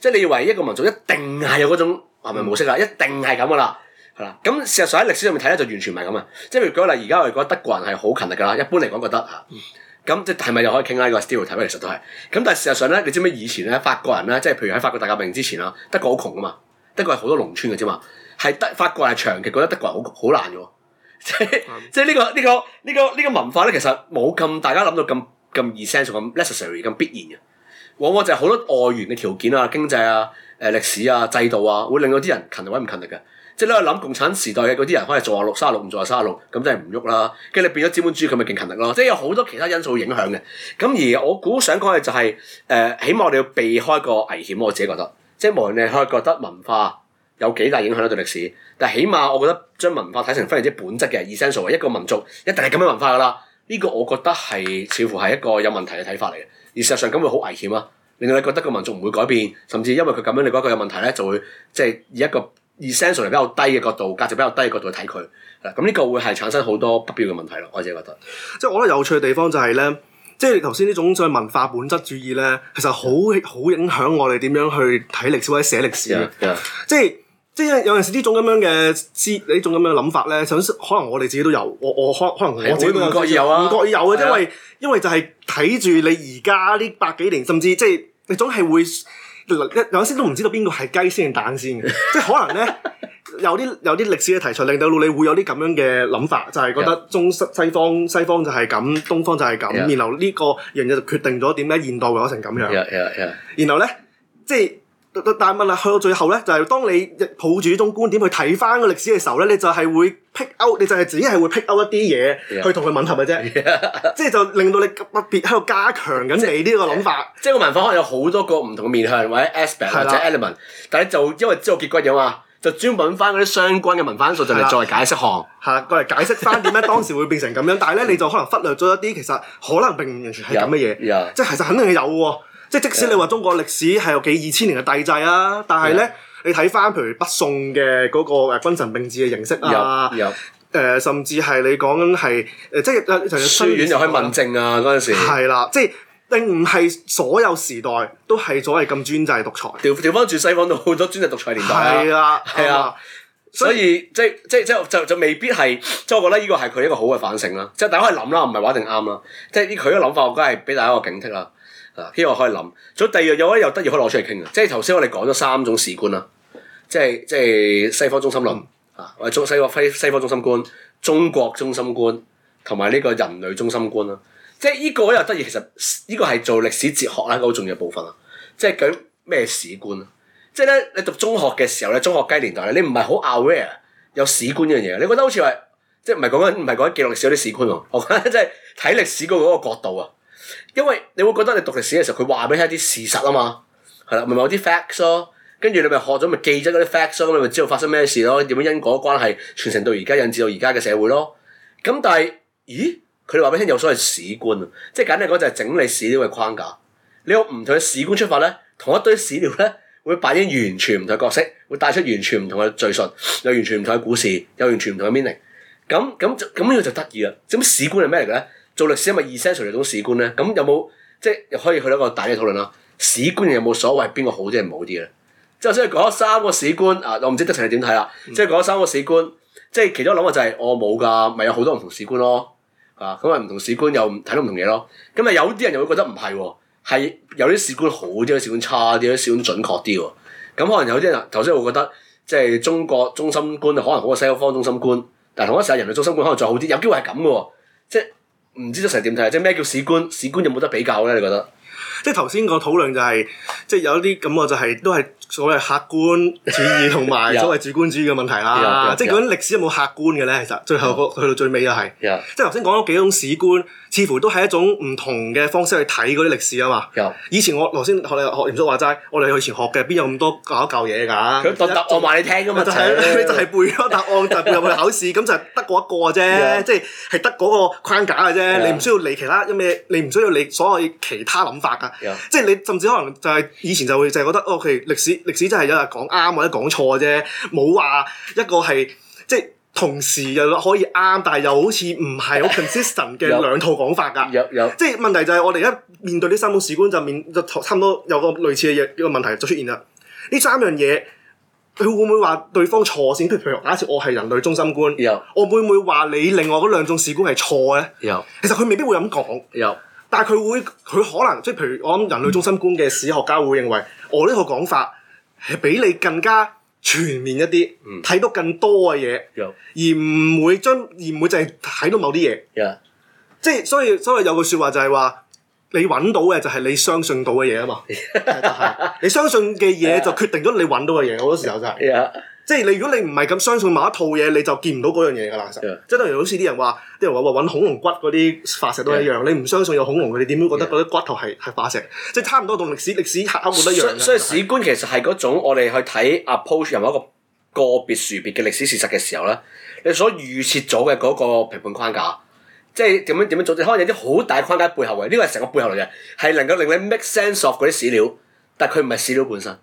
即係你以為一個民族一定係有嗰種係咪模式啦？一定係咁噶啦，係啦。咁事實上喺歷史上面睇咧，就完全唔係咁啊。即係譬如舉例，而家我哋覺得德國人係好勤力噶啦，一般嚟講覺得嚇。嗯咁即係咪又可以傾啦？嗰個 still 睇咧，其實都係。咁但係事實上咧，你知唔知以前咧法國人咧，即係譬如喺法國大革命之前啊，德國好窮啊嘛，德國係好多農村嘅啫嘛，係德法國係長期覺得德國人好好難嘅喎， 即係即係呢個呢、這個呢、這個呢、這個文化咧，其實冇咁大家諗到咁咁 essential 咁 necessary 咁必然嘅，往往就係好多外源嘅條件啊、經濟啊、誒、呃、歷史啊、制度啊，會令到啲人勤力或唔勤力嘅。即係諗共產時代嘅嗰啲人，可以做下六三六，唔做下三六，咁就係唔喐啦。跟住你變咗資本主義，佢咪勁勤力咯。即係有好多其他因素影響嘅。咁而我估想講嘅就係、是、誒、呃，起碼我哋要避開個危險。我自己覺得，即係無論你可覺得文化有幾大影響呢對歷史，但係起碼我覺得將文化睇成非常之本質嘅 essential，一個民族一定係咁樣文化噶啦。呢、這個我覺得係似乎係一個有問題嘅睇法嚟嘅，而事實上咁會好危險啊！令到你覺得個民族唔會改變，甚至因為佢咁樣，你覺得佢有問題咧，就會即係以一個。S 以 s e n t r a l 嚟比較低嘅角度，價值比較低嘅角度去睇佢，嗱咁呢個會係產生好多不必要嘅問題咯。我自己覺得，即係我覺得有趣嘅地方就係、是、咧，即係頭先呢種所謂文化本質主義咧，其實好好、嗯、影響我哋點樣去睇歷史或者寫歷史啊 Yeah, yeah.！即係即係有陣時呢種咁樣嘅思呢種咁樣嘅諗法咧，想可能我哋自己都有，我我可可能我自己唔覺意有，為有啊，唔覺意有啊，因為因為就係睇住你而家呢百幾年，甚至即係你總係會。有時都唔知道邊個係雞先定蛋先嘅，即係可能呢，有啲有啲歷史嘅題材令到你會有啲咁樣嘅諗法，就係、是、覺得中西方西方就係咁，東方就係咁，然後呢個人就決定咗點解現代變咗成咁樣。然後呢。即係。但係問啊，去到最後咧，就係、是、當你抱住呢種觀點去睇翻個歷史嘅時候咧，你就係會辟歐，你就係自己係會辟歐一啲嘢 Yeah. 去同佢吻合咪啫？Yeah. 即係就令到你特別喺度加強緊你呢個諗法。即係個文化可能有好多個唔同嘅面向，或者 aspect 的或者 element，但係就因為知道結局嘅話，就專揾翻嗰啲相關嘅文化元素嚟、就是、作為解釋項，嚇，過嚟解釋翻點解當時會變成咁樣。 但係咧，你就可能忽略咗一啲其實可能並唔完全係咁嘅嘢，yeah. Yeah. 即係其實肯定係有喎。即即使你話中國歷史係有幾二千年嘅帝制啊，但係咧，係啊，你睇翻譬如北宋嘅嗰個誒君臣並治嘅形式啊，誒甚至係你講緊係誒即係誒，甚至係書院又可以問政啊嗰陣時，係啦，即係並唔係所有時代都係所謂咁專制獨裁調。調調翻住西方度好多專制獨裁年代啊，係啊，係啊。係啊。所以即即即就就，就未必係，即我覺得呢個係佢一個好嘅反省啦。即大家可以諗啦，唔係話一定啱啦。即呢佢嘅諗法，我梗係俾大家一個警惕啦。啊，呢個可以諗。咁第二樣有啲又得意可以攞出嚟傾嘅，即頭先我哋講咗三種史觀啦，即即西方中心論啊，或中、嗯、西方西西方中心觀、中國中心觀同埋呢個人類中心觀啦。即呢個又得意，其實呢個係做歷史哲學好重要部分啦。即講咩史觀啊？即係咧，你讀中學嘅時候咧，你中學雞年代咧，你唔係好 aware 有史觀呢樣嘢，你覺得好似係，即係唔係講緊唔係講緊記錄歷史嗰啲史觀喎，即係睇歷史嗰個角度啊。因為你會覺得你讀歷史嘅時候，佢話俾你聽啲事實啊嘛，係啦，咪咪有啲 facts 咯，啊。跟住你咪學咗咪記咗嗰啲 facts 咯，你咪、啊、知道發生咩事咯，點樣因果關係傳承到而家，引致到而家嘅社會咯。咁但係，咦？佢哋話俾你聽有所謂史觀啊，即係簡單講就係整理史料嘅框架。你有唔同嘅史觀出發咧，同一堆史料咧。會扮演完全唔同嘅角色，會帶出完全唔同嘅敘述，又完全唔同嘅故事，又完全唔同嘅 meaning。咁咁咁樣就得意啦。咁史觀係咩嚟嘅咧？做歷史係咪二 century 種史觀咧？咁有冇即係又可以去一個大嘅討論啦？史觀有冇所謂邊個好啲，係唔好啲嘅？咧？即係即係講三個史觀啊！我唔知德成你點睇啦。嗯、即係講三個史觀，即係其中諗嘅就係、是、我冇噶，咪有好多唔同史觀咯。啊，咁啊唔同史觀又睇到唔同嘢咯。咁、嗯、啊有啲人又會覺得唔係。係有啲史觀好啲，有啲史觀差啲，有啲史觀準確啲喎。咁可能有啲人頭先我會覺得，即係中國中心觀，可能好過西方中心觀。但係同一時間人類中心觀可能再好啲，有機會係咁嘅喎。即係唔知啲成點睇，即係咩叫史觀？史觀有冇得比較咧？你覺得？即係頭先個討論就係，即係有啲咁，我就係都係。所謂客觀主義同埋所謂主觀主義嘅問題啦，即係究竟歷史有冇客觀嘅咧？其實最後去到最尾又係，即係頭先講咗幾種史觀，似乎都係一種唔同嘅方式去睇嗰啲歷史啊嘛。以前我頭先學你學鹽叔話齋，我哋去以前學嘅邊有咁多搞一舊嘢㗎？佢答案我話你聽㗎嘛，就係就係背咗答案就入去考試，咁就係得嗰一個啫，即係係得嗰個框架嘅啫，你唔需要理其他一咩，你唔需要理所有其他諗法㗎。即係你甚至可能就係以前就會就係覺得哦，其實歷史。歷史真係有人講啱或者講錯嘅啫，冇話一個係即係同時又可以啱，但係又好似唔係好 consistent 嘅兩套講法㗎。 有有，即係問題就係我哋一面對呢三種史觀，就面就差唔多有個類似嘅嘢一個問題就出現啦。呢三樣嘢，佢會唔會話對方錯先？即係譬如假設我係人類中心觀，有我會唔會話你另外嗰兩種史觀係錯咧？有其實佢未必會咁講。有，但係佢會佢可能即係譬如我諗人類中心觀嘅史學家會認為我呢套講法。係比你更加全面一啲，睇、嗯、到更多嘅嘢 Yeah.，而唔會將而唔會淨係睇到某啲嘢，Yeah. 即係所以，所以有句説話就係話，你揾到嘅就係你相信到嘅嘢啊嘛。你相信嘅嘢就決定咗你揾到嘅嘢，好 Yeah. 多時候就係、是。Yeah. 即係你，如果你唔係咁相信某一套嘢，你就見唔到嗰樣嘢㗎喇。Yeah. 即係例如好似啲人話，啲人話話揾恐龍骨嗰啲化石都一樣。Yeah. 你唔相信有恐龍，佢哋點樣覺得嗰啲骨頭係係化石？Yeah. 即係差唔多同歷史歷史考古一樣所，所以史觀其實係嗰種我哋去睇 approach 任何一個個別殊別嘅歷史事實嘅時候咧，你所預設咗嘅嗰個評判框架，即係點樣點樣組織，可能有啲好大框架背後嘅。呢個係成個背後嚟嘅，係能夠令你 make sense of 嗰啲史料，但係佢唔係史料本身，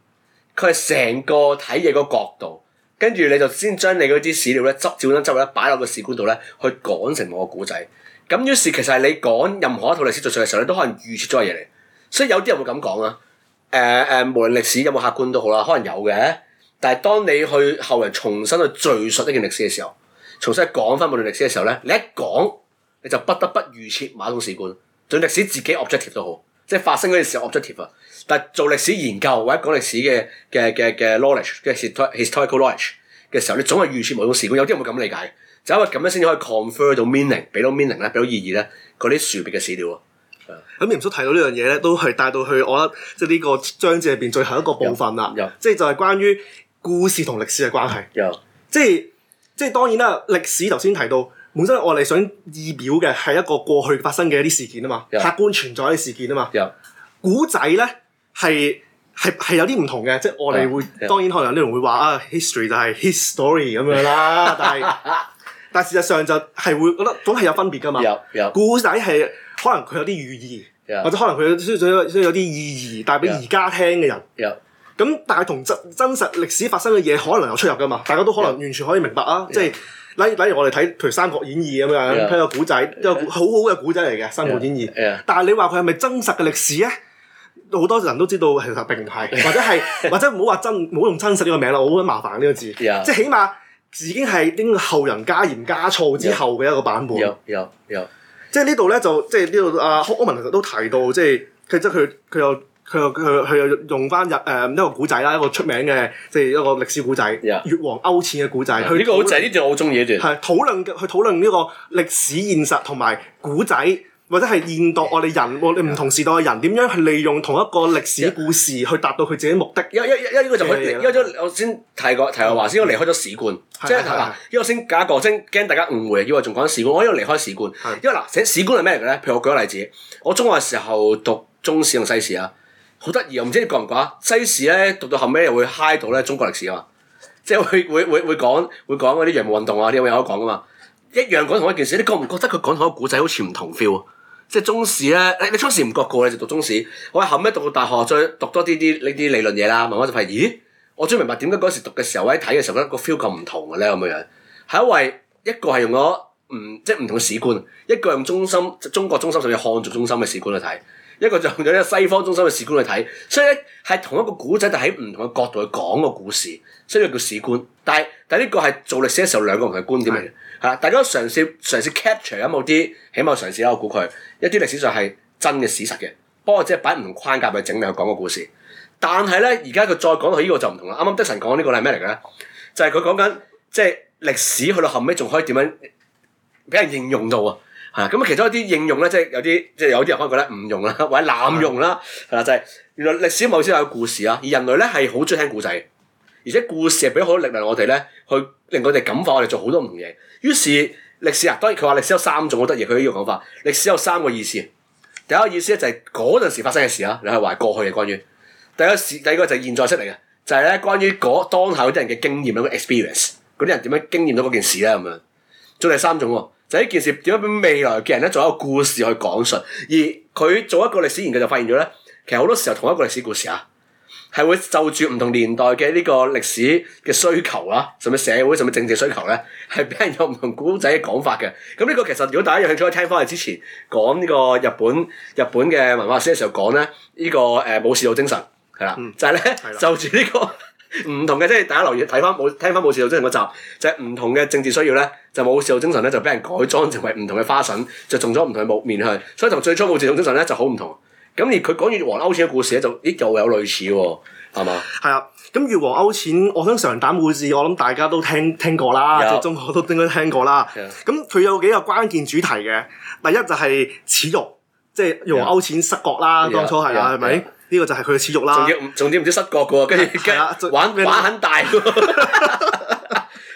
佢係成個睇嘢個角度。跟住你就先將你嗰啲史料咧執，照樣執落咧擺落個史觀度咧，去講成我個古仔。咁於是其實係你講任何一套歷史叙述嘅時候，你都可能預設咗嘢嚟。所以有啲人會咁講啊，誒、呃、誒、呃，無論歷史有冇客觀都好啦，可能有嘅。但係當你去後人重新去敍述一件歷史嘅時候，重新講翻無論歷史嘅時候咧，你一講你就不得不預設某種史觀對歷史自己 objective 都好，即係發生嗰件事 objective 啊。但係做歷史研究或者講歷史嘅嘅嘅嘅 knowledge 嘅 historical knowledge 嘅時候，你總係預設某種史觀。有啲人會咁理解，就因為咁樣先至可以 confer 到 meaning，俾到 meaning 咧，俾到意義咧，嗰啲殊別嘅史料咯。係啊、鹽叔提到呢樣嘢咧，都係帶到去，我覺得即係呢個章節入邊最後一個部分啦。即係就係關於故事同歷史嘅關係。嗯、即係即係當然啦，歷史頭先提到，本身我哋想意表嘅係一個過去發生嘅一啲事件啊嘛，客觀存在嘅事件啊嘛。古仔咧。嗯嗯嗯嗯係係係有啲唔同嘅，即係我哋會，當然可能有啲人會話啊，history 就係 history 咁樣啦。但係但係事實上就係會覺得總係有分別噶嘛。有有古仔係可能佢有啲寓意，或者可能佢有啲意義帶俾而家聽嘅人。有咁但係同真真實歷史發生嘅嘢可能有出入噶嘛？大家都可能完全可以明白啊。即係例例如我哋睇譬如《三國演義》咁樣，一個古仔，一個好好嘅古仔嚟嘅《三國演義》。但係你話佢係咪真實嘅歷史咧？好多人都知道其實並唔係，或者係 或者唔好話真，唔好用真實呢個名啦，我好鬼麻煩呢個字，即係 Yeah. 起碼已經係啲後人加鹽加醋之後嘅一個版本。有有有，即係呢度咧就即係呢度阿柯文其實都提到，即係即係佢佢又佢又佢佢又用翻入誒一個古仔啦，一個出名嘅即係一個歷史古仔，越 Yeah. 王勾踐嘅古仔。呢 Yeah. 個古仔呢段我好中意一段討論，係討論佢討論呢個歷史現實同埋古仔。或者係現代我哋人，我哋唔同時代嘅人點樣去利用同一個歷史故事去達到佢自己的目的？因為、因為、因為呢個就因為我先提過提過話先，我離開咗史觀，即係話，因為先假一個，先係驚大家誤會，以為仲講史觀。我的因為離開史觀，因為嗱，史史觀係咩嚟嘅咧？譬如我舉個例子，我中學嘅時候讀中史同西史啊，好得意。啊，唔知你講唔講啊。西史咧？讀到後尾又會 high 到咧中國歷史啊，嘛，即係會會會會講會講嗰啲洋務運動啊啲咁嘢講噶嘛，一樣講同一件事，你覺唔覺得佢講佢同一個古仔好似唔同 feel？啊？即係中史咧，你你初時唔覺過你就讀中史。我係後尾讀到大學，再讀多啲啲呢啲理論嘢啦。媽媽就話：咦，我最明白點解嗰時讀嘅時候，喺睇嘅時候咧、個 feel 咁唔同嘅咧，咁嘅樣。係因為一個係用咗唔，即係唔同嘅史觀，一個用中心、中國中心、甚至漢族中心嘅史觀去睇，一個就用咗西方中心嘅史觀去睇。所以咧係同一個古仔，但喺唔同嘅角度去講個故事，所以叫史觀。但係但係呢個係做歷史嘅時候，兩個人嘅觀點嚟嘅嚇。的大家嘗試嘗試 capture 有冇啲，起碼嘗試一下估佢。一啲歷史上係真嘅事實嘅，不過只係擺唔同框架去整理去講個故事。但係咧，而家佢再講到呢個就唔同啦。啱啱德臣講呢個係咩嚟嘅咧？就係佢講緊即係歷史去到後尾仲可以點樣俾人應用到啊？嚇！咁啊，其中一啲應用咧，即係有啲即係有啲人可以覺得唔用啦，或者濫用啦，係啦，就係原來歷史無先有故事啊。而人類咧係好中意聽故仔，而且故事係俾好多力量我哋咧去令我哋感化我哋做好多唔同嘢。於是。歷史啊，當然佢話歷史有三種好得意，佢呢個講法。歷史有三個意思，第一個意思咧就係嗰陣時發生嘅事啊，你係話過去嘅關於；第二個時，第二個就係現在出嚟嘅，就係咧關於嗰當下嗰啲人嘅經驗，有個 experience，嗰啲人點樣經驗到嗰件事啦咁樣。仲有第三種喎，就係呢件事點樣俾未來嘅人咧做一個故事去講述，而佢做一個歷史研究就發現咗咧，其實好多時候同一個歷史故事啊。係會就住唔同年代嘅呢個歷史嘅需求啊，甚至社會甚至政治需求咧，係俾人有唔同古仔嘅講法嘅。咁呢個其實如果大家有興趣可以聽翻，我之前講呢個日本日本嘅文化史嘅時候講咧，呢、這個誒、這個呃、武士道精神係啦，嗯、就係咧就住呢的、這個唔同嘅，即係大家留意睇翻冇聽翻武士道精神個集，就係、是、唔同嘅政治需要咧，就武士道精神咧就俾人改裝成為唔同嘅花樣，就著重咗唔同嘅木面去，所以同最初武士道精神咧就好唔同。咁而佢講越王勾踐嘅故事咧，就咦又有類似喎，係嘛？係啊，咁越王勾踐，我諗嘗膽故事，我諗大家都聽聽過啦，啊、中學都應該聽過啦。咁佢、啊、有幾個關鍵主題嘅，第一就係恥辱，即係越王勾踐失國啦。當初係啊，係咪？呢個就係佢嘅恥辱啦。仲要，仲要唔知失國嘅，跟住跟玩玩很大。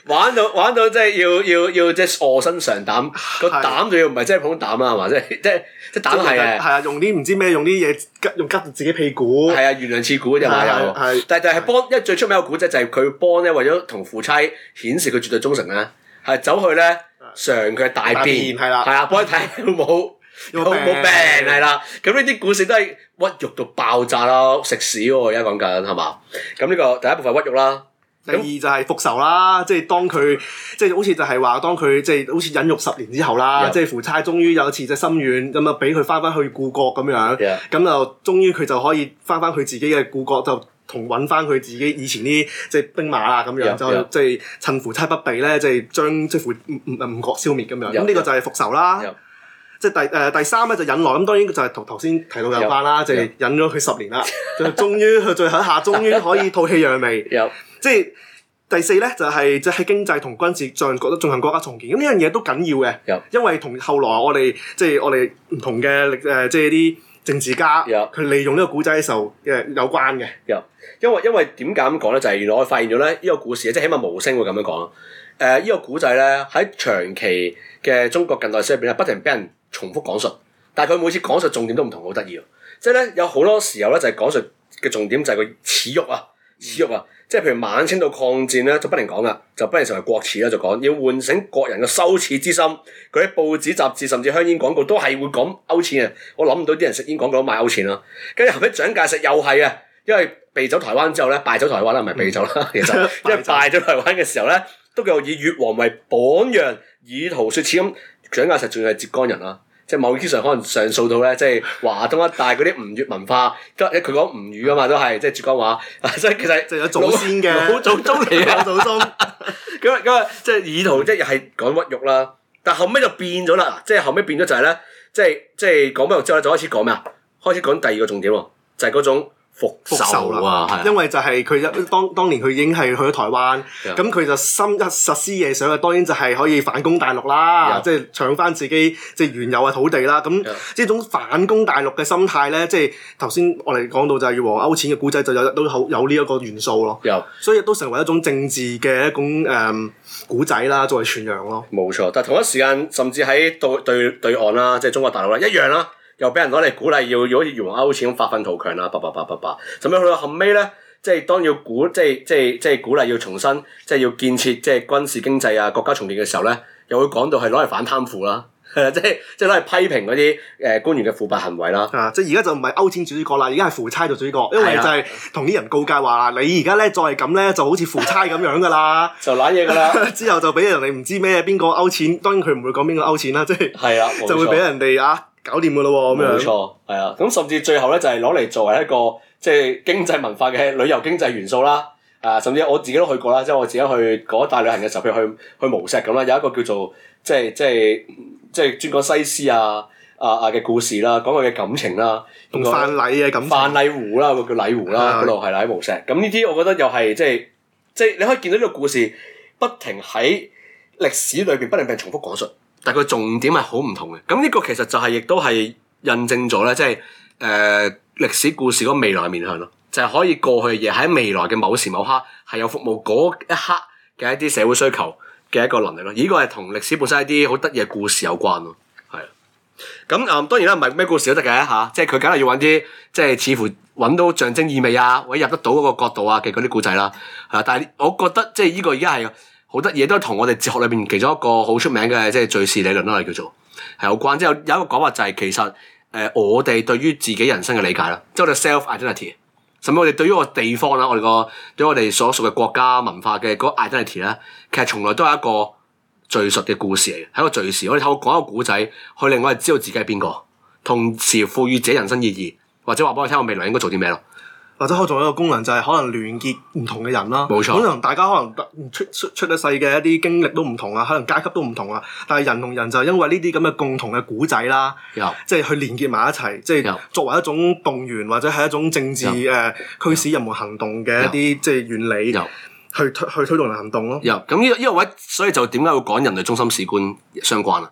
玩到玩到，即係要要要即係臥薪嘗膽，個膽仲要唔係真係捧膽啊？係嘛，即係即係即膽係係啊，用啲唔知咩，用啲嘢吉用吉到自己屁股。係啊，懸梁刺股嘅嘛又。但係就係幫，的因為最出名個古仔就係佢幫咧，為咗同夫妻顯示佢絕對忠誠咧，係走去咧嘗佢大便，係啦，係啊，幫佢睇有冇冇病係啦。咁呢啲故事都係屈辱到爆炸咯，食屎喎，啊！而家講緊係嘛？咁呢個第一部分屈辱啦。第二就係復仇啦，即係當佢即係好似就係話當佢即係好似忍辱十年之後啦，即係夫差終於有一次心軟，咁啊俾佢翻翻去故國咁樣，咁就終於佢就可以翻翻佢自己嘅故國，就同搵翻佢自己以前啲即係兵馬啦咁樣，就即係趁夫差不備咧，即係將即係夫吳吳國消滅咁樣，咁呢個就係復仇啦。即係第誒第三咧就忍耐，咁當然就係同頭先提到有關啦，即係忍咗佢十年啦，就終於佢最後一下，終於可以吐氣揚眉。即係第四咧，就係即係經濟同軍事進行覺得進行國家重建，咁呢樣嘢都緊要嘅。因為同後來我哋即係我哋唔同嘅力誒，即係啲政治家佢利用呢個古仔受誒有關嘅。因為因為點解咁講咧？就係、是、原來我發現咗咧，呢、這個故事即係起碼無聲會咁樣講啦。呃這個、呢個古仔咧喺長期嘅中國近代史入邊咧，不停俾人重複講述，但係佢每次講述重點都唔同，好得意。即係咧有好多時候咧，就係、是、講述嘅重點就係佢恥辱啊、恥辱啊。即係譬如晚清到抗戰咧，就不能講啦，就不能成為國恥啦，就講要喚醒國人嘅羞恥之心。佢喺報紙雜誌甚至香煙廣告都係會講勾踐嘅。我諗唔到啲人食煙廣告都賣勾踐啦。跟住後尾，蔣介石又係啊，因為避走台灣之後咧，敗走台灣啦，唔係避走啦。其實 敗走 因為敗走台灣嘅時候咧，都叫以越王為榜樣，以圖雪恥。咁蔣介石仲係浙江人啦。即係某啲上可能上溯到咧，即係華東一帶嗰啲吳越文化都佢講吳語啊嘛，都係即係浙江話，即係其實就有祖先嘅老祖宗嚟嘅 老祖宗，咁啊咁啊，即係以圖即係又係講屈辱啦，但後尾就變咗啦，即係後尾變咗就係、是、咧，即係即係講屈辱之後咧，就開始講咩啊？開始講第二個重點喎，就係、是、嗰種復復仇啦，因為就係佢當當年佢已經係去咗台灣，咁佢的就心一實思夜想，當然就係可以反攻大陸啦，即係的搶返自己即係、就是、原有嘅土地啦。咁呢的種反攻大陸嘅心態呢，即係頭先我哋講到就係越王勾踐嘅古仔就有都好有呢一個元素咯。有的，所以都成為一種政治嘅一種誒古仔啦，作為傳揚咯。冇錯，但係同一時間，甚至喺對對對岸啦，即、就、係、是、中國大陸啦，一樣啦。又俾人攞嚟鼓勵，要好似越王勾踐發奮圖強啦，叭叭叭叭叭。咁樣去到後尾咧，即係當要鼓，即係即係即係鼓勵要重新，即係要建設，即係軍事經濟啊，國家重建嘅時候咧，又會講到係攞嚟反貪腐啦，即係即係攞嚟批評嗰啲誒官員嘅腐敗行為啦。啊，即係而家就唔係勾踐主角啦，而家係夫差嘅主角，因為就係同啲人告誡話啦，你而家咧再係咁咧，就好似夫差咁樣噶啦，就瀨嘢噶啦。之後就俾人哋唔知咩邊個勾踐，當然佢唔會講邊個勾踐啦，即係，係啊，就會俾人哋啊。搞掂噶咯喎！咁樣冇錯，係啊！咁甚至最後咧，就係攞嚟作為一個即係經濟文化嘅旅遊經濟元素啦。啊，甚至我自己都去過啦，即係我自己去嗰一帶旅行嘅時候，譬如去去無錫咁啦，有一個叫做即係即係即係專講西施啊啊啊嘅故事啦，講佢嘅感情啦。范蠡啊，感情。范蠡湖啦，個叫蠡湖啦，嗰度係喇，喺無錫。咁呢啲我覺得又係即係即係你可以見到呢個故事不停喺歷史裏邊不停被重複講述。但佢重點係好唔同嘅，咁呢個其實就係亦都係印證咗咧，即係誒歷史故事嗰未來面向咯，就係、是、可以過去嘢喺未來嘅某時某刻係有服務嗰一刻嘅一啲社會需求嘅一個能力咯。呢、這個係同歷史本身一啲好得意嘅故事有關咯，係。咁啊、嗯，當然啦，唔係咩故事都得嘅嚇，即係佢梗係要揾啲即係似乎揾到象徵意味啊，或者入得到嗰個角度啊嘅嗰啲故仔啦。但係我覺得即係呢個而家係。好多嘢都係同我哋哲學裏邊其中一個好出名嘅即係敘事理論啦，係叫做係有關。即係有一個講法就係，其實誒、呃、我哋對於自己人生嘅理解啦，即係我哋 self identity，甚至我哋對於個地方啦，我哋個對於我哋所屬嘅國家文化嘅嗰個 identity 啦，其實從來都係一個敘述嘅故事嚟嘅，係一個敘事。我哋透過講一個古仔去令我哋知道自己係邊個，同時賦予自己人生意義，或者話俾我聽我未來應該做啲咩咯。或者可仲有一個功能就係可能聯結唔同嘅人啦，錯可能大家可能出出出咗世嘅一啲經歷都唔同啦，可能階級都唔同，人人同啦，但係人同人就係因為呢啲咁嘅共同嘅古仔啦，即係去聯結埋一齊，即係作為一種動員或者係一種政治誒驅有、呃、使人們行動嘅一啲即係原理，有去推去推動行動咯。咁呢個呢個位所以就點解會講人類中心史觀相關啊？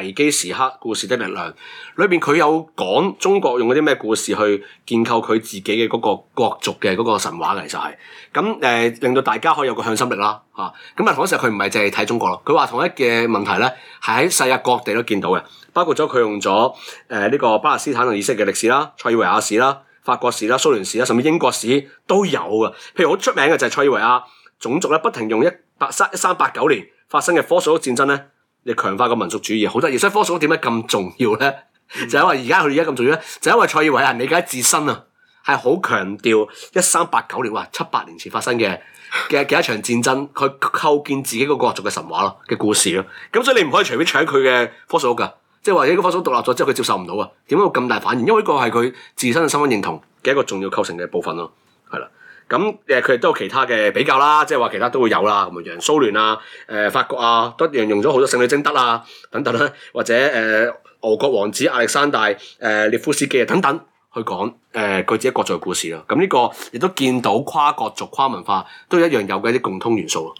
危機時刻故事的力量裏邊，佢有講中國用嗰啲咩故事去建構佢自己嘅嗰個國族嘅嗰個神話，其實就係咁誒，令到大家可以有個向心力啦嚇。咁啊，同時佢唔係淨係睇中國咯，佢話同一嘅問題咧，係喺世界各地都見到嘅。包括咗佢用咗誒呢個巴勒斯坦同以色列嘅歷史啦、塞爾維亞史啦、法國史啦、蘇聯史啦，甚至英國史都有嘅。譬如好出名嘅就係塞爾維亞種族咧，不停用一八三一三八九年發生嘅科索沃戰爭咧。你強化個民族主義好得意，所以科索沃點解咁重要咧、嗯？就係話而家佢而家咁重要咧，就係因為塞爾維亞人理解自身啊，係好強調一三八九年哇七八年前發生嘅嘅嘅一場戰爭，佢構建自己個國族嘅神話咯嘅故事咯。咁所以你唔可以隨便搶佢嘅科索沃噶，即係話如果科索沃獨立咗之後佢接受唔到啊？點解會咁大反應？因為呢個係佢自身嘅身份認同嘅一個重要構成嘅部分咯。咁誒，佢哋都有其他嘅比較啦，即係話其他都會有啦，咁樣蘇聯啊、誒、呃、法國啊，都一樣用咗好多聖女貞德啊等等啦、啊，或者誒、呃、俄國王子亞歷山大、誒、呃、列夫斯基等等去講誒佢、呃、自己國族嘅故事咯、啊。咁、嗯、呢、這個亦都見到跨國族跨文化都一樣有嘅一啲共通元素咯、啊。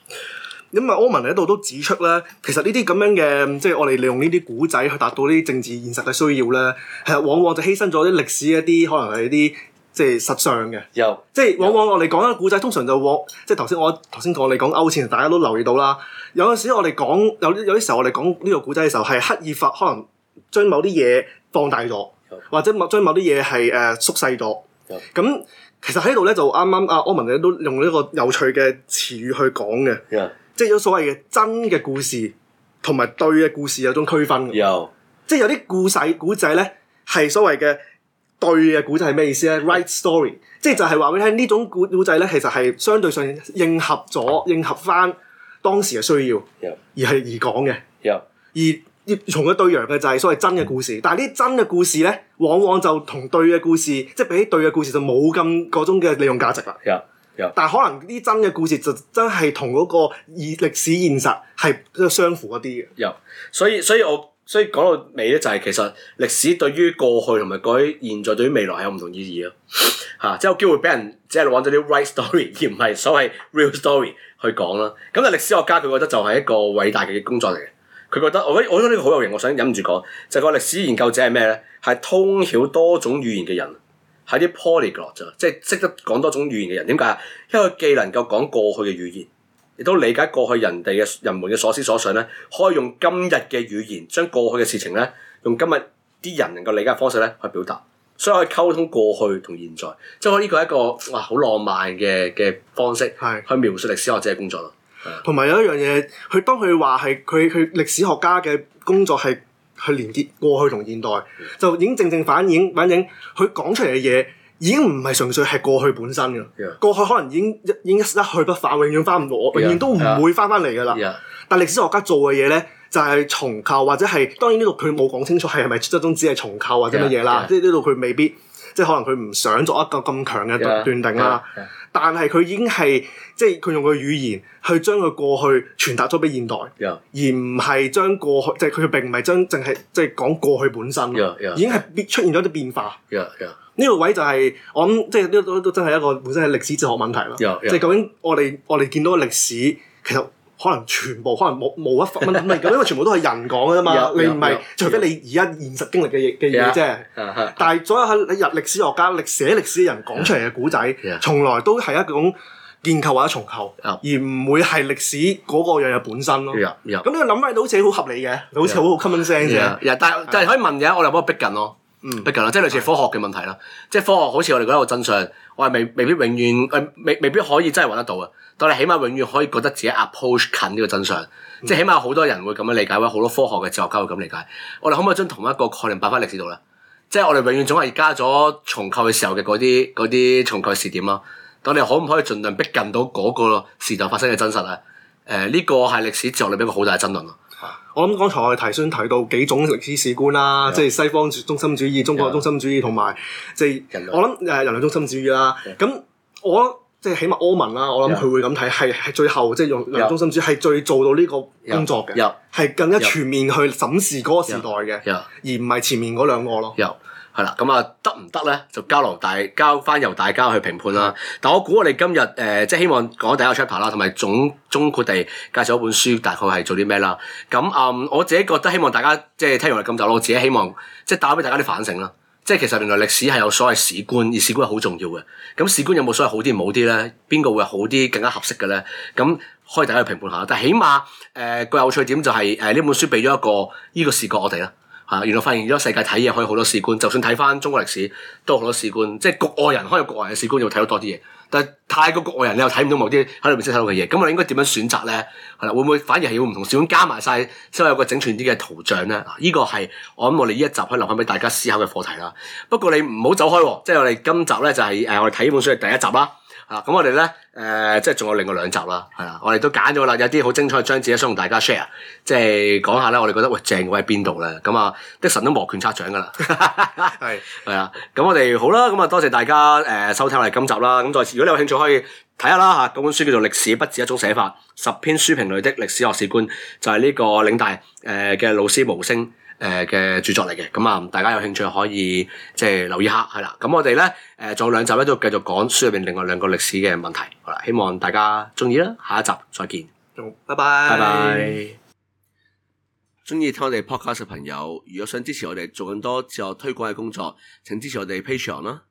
咁啊、嗯，柯文喺度都指出咧，其實呢啲咁樣嘅，即係我哋利用呢啲古仔去達到呢啲政治現實嘅需要咧，其實往往就犧牲咗啲歷史一啲可能係啲。即係實相嘅，有。即係往往我哋講一個古仔，通常就往，即係頭先我頭先講，你講勾前，大家都留意到啦。有陣時我哋講有有啲時候我哋講呢個古仔嘅時候，係刻意發可能將某啲嘢放大咗，或者某將某啲嘢係誒縮細咗。咁其實喺度咧，就啱啱阿柯文都用呢個有趣嘅詞語去講嘅，即係有所謂嘅真嘅故事同埋對嘅故事有種區分有，即係有啲故仔古仔咧，係所謂嘅。對嘅古仔係咩意思咧？Right story，即係就係話俾你聽呢種古古仔咧，其實係相對上應合咗、應合翻當時嘅需要而，而係 Yeah. 而講嘅，而要從佢對揚嘅就係所謂真嘅故事。但係呢真嘅故事咧，往往就同對嘅故事，即係比起對嘅故事就冇咁嗰種嘅利用價值啦。有有，但係可能啲真嘅故事就真係同嗰個以歷史現實係相符一啲嘅。有，yeah. 所以所以我。所以講到尾咧，就係、是、其實歷史對於過去同埋嗰啲現在對於未來係有唔同意義咯，嚇、啊！即係有機會俾人即係揾咗啲 right story 而唔係所謂 real story 去講啦。咁啊，但歷史學家佢覺得就係一個偉大嘅工作嚟嘅。佢覺得我我覺得呢個好有型，我想忍唔住講就係、是、個歷史研究者係咩咧？係通曉多種語言嘅人，係啲 polyglot 啫，即係識得講多種語言嘅人。點解啊？因為佢既能夠講過去嘅語言。亦都理解過去人哋嘅人們嘅所思所想咧，可以用今日嘅語言將過去嘅事情咧，用今日啲人能夠理解嘅方式咧去表達，所以可以溝通過去同現在，即係可以呢個係一個哇好浪漫嘅嘅方式，係是去描述歷史學者嘅工作咯。同埋有，有一樣嘢，佢當佢話係佢佢歷史學家嘅工作係去連結過去同現代，就已經正正反映反映佢講出嚟嘅嘢。已經唔係純粹係過去本身噶啦，Yeah. 過去可能已經一已經一去不返，永遠翻唔到，永遠 Yeah. 都唔會翻翻嚟噶啦。Yeah. 但歷史學家做嘅嘢咧，就係、是、重構或者係，當然呢度佢冇講清楚係係咪最終只係重構或者乜嘢啦。即呢度佢未必，即、就是、可能佢唔想作一個咁強嘅斷斷定啦。Yeah. Yeah. Yeah. 但係佢已經係即佢用佢嘅語言去將佢過去傳達咗俾現代，Yeah. 而唔係將過去即佢、就是、並唔係將淨係即講過去本身。Yeah. Yeah. 已經係出現咗啲變化。Yeah. Yeah. Yeah. Yeah. Yeah. 呢個位就係我諗，即係都都真係一個本身係歷史哲學問題啦。即係究竟我哋我哋見到嘅歷史，其實可能全部可能冇冇一份，唔係咁，因為全部都係人講嘅啫嘛。你唔係除非你而家現實經歷嘅嘅嘢啫。但係所有喺日歷史學家、歷寫歷史嘅人講出嚟嘅古仔，從來都係一種建構或者重構，而唔會係歷史嗰個樣嘢本身咯。有有。咁你諗翻到好似好合理嘅，好似好好 common sense 嘅。但係但係可以問嘅，我哋幫我逼緊咯。嗯，逼近啦，即係類似科學嘅問題啦。即係科學好似我哋講個真相，我係未未必永遠誒，未未必可以真係揾得到嘅。但係起碼永遠可以覺得自己 approach 近呢個真相，嗯、即係起碼好多人會咁樣理解，或者好多科學嘅哲學家會咁理解。我哋可唔可以將同一個概念擺翻歷史度咧？即係我哋永遠總係加咗重構嘅時候嘅嗰啲啲重構視點咯。但你可唔可以盡量逼近到嗰個時代發生嘅真實啊？誒、呃、呢、這個係歷史哲學裏邊一個好大嘅爭論咯。我諗剛才我哋提先提到幾種歷史史觀啦，Yeah. 即係西方中心主義、中國中心主義同埋即係我諗誒人類中心主義啦。咁 Yeah. 我即係起碼柯文啦，我諗佢會咁睇，係係最後即係、就是、用人類中心主義係最做到呢個工作嘅，係 Yeah. 更加全面去審視嗰個時代嘅，Yeah. 而唔係前面嗰兩個咯。Yeah. 係啦，咁啊、嗯，得唔得咧？就交流大交翻，由大家去評判啦。但我估我哋今日誒、呃，即係希望講第一個 chapter 啦，同埋總總括地介紹一本書大概係做啲咩啦。咁嗯，我自己覺得希望大家即係聽完我咁就，我自己希望即係帶俾大家啲反省啦。即係其實原來歷史係有所謂史觀，而史觀係好重要嘅。咁史觀有冇所謂好啲、唔好啲咧？邊個會好啲、更加合適嘅咧？咁可以大家去評判下。但係起碼誒、呃、個有趣點就係誒呢本書俾咗一個呢、這個視角我哋啦。啊！原來發現咗世界睇嘢可以好多史觀，就算睇翻中國歷史都好多史觀，即係局外人可以有局外嘅史觀又睇到多啲嘢。但係太過局外人，你又睇唔到某啲喺裏面先睇到嘅嘢。咁我哋應該點樣選擇咧？係啦，會唔會反而係要唔同史觀加埋晒，先有個整全啲嘅圖像咧？呢、這個係我諗，我哋呢一集可以留翻俾大家思考嘅課題啦。不過你唔好走開，即係我哋今集咧就係、是、誒、呃、我哋睇本書嘅第一集啦。啊，咁我哋咧，誒、呃，即係仲有另外兩集啦，係啦，我哋都揀咗啦，有啲好精彩嘅章節咧，想同大家 share，即係講下咧，我哋覺得喂正嘅喺邊度咧，咁啊，迪神都摩拳擦掌噶啦，係 的，係啊，咁我哋好啦，咁啊，多謝大家誒、呃、收聽我哋今集啦，咁再次如果你有興趣可以睇下啦嚇，嗰本書叫做《歷史不止一種寫法》，十篇書評裏的歷史學景觀，就係、是、呢個嶺大誒嘅、呃、老師毛升。誒嘅著作嚟嘅，咁啊，大家有興趣可以即係留意下，係啦。咁我哋咧誒仲有兩集咧，都要繼續講書入邊另外兩個歷史嘅問題。好啦，希望大家中意啦，下一集再見。拜拜。拜拜。中意聽我哋 podcast 嘅朋友，如果想支持我哋做更多自我推廣嘅工作，請支持我哋 Patreon 啦。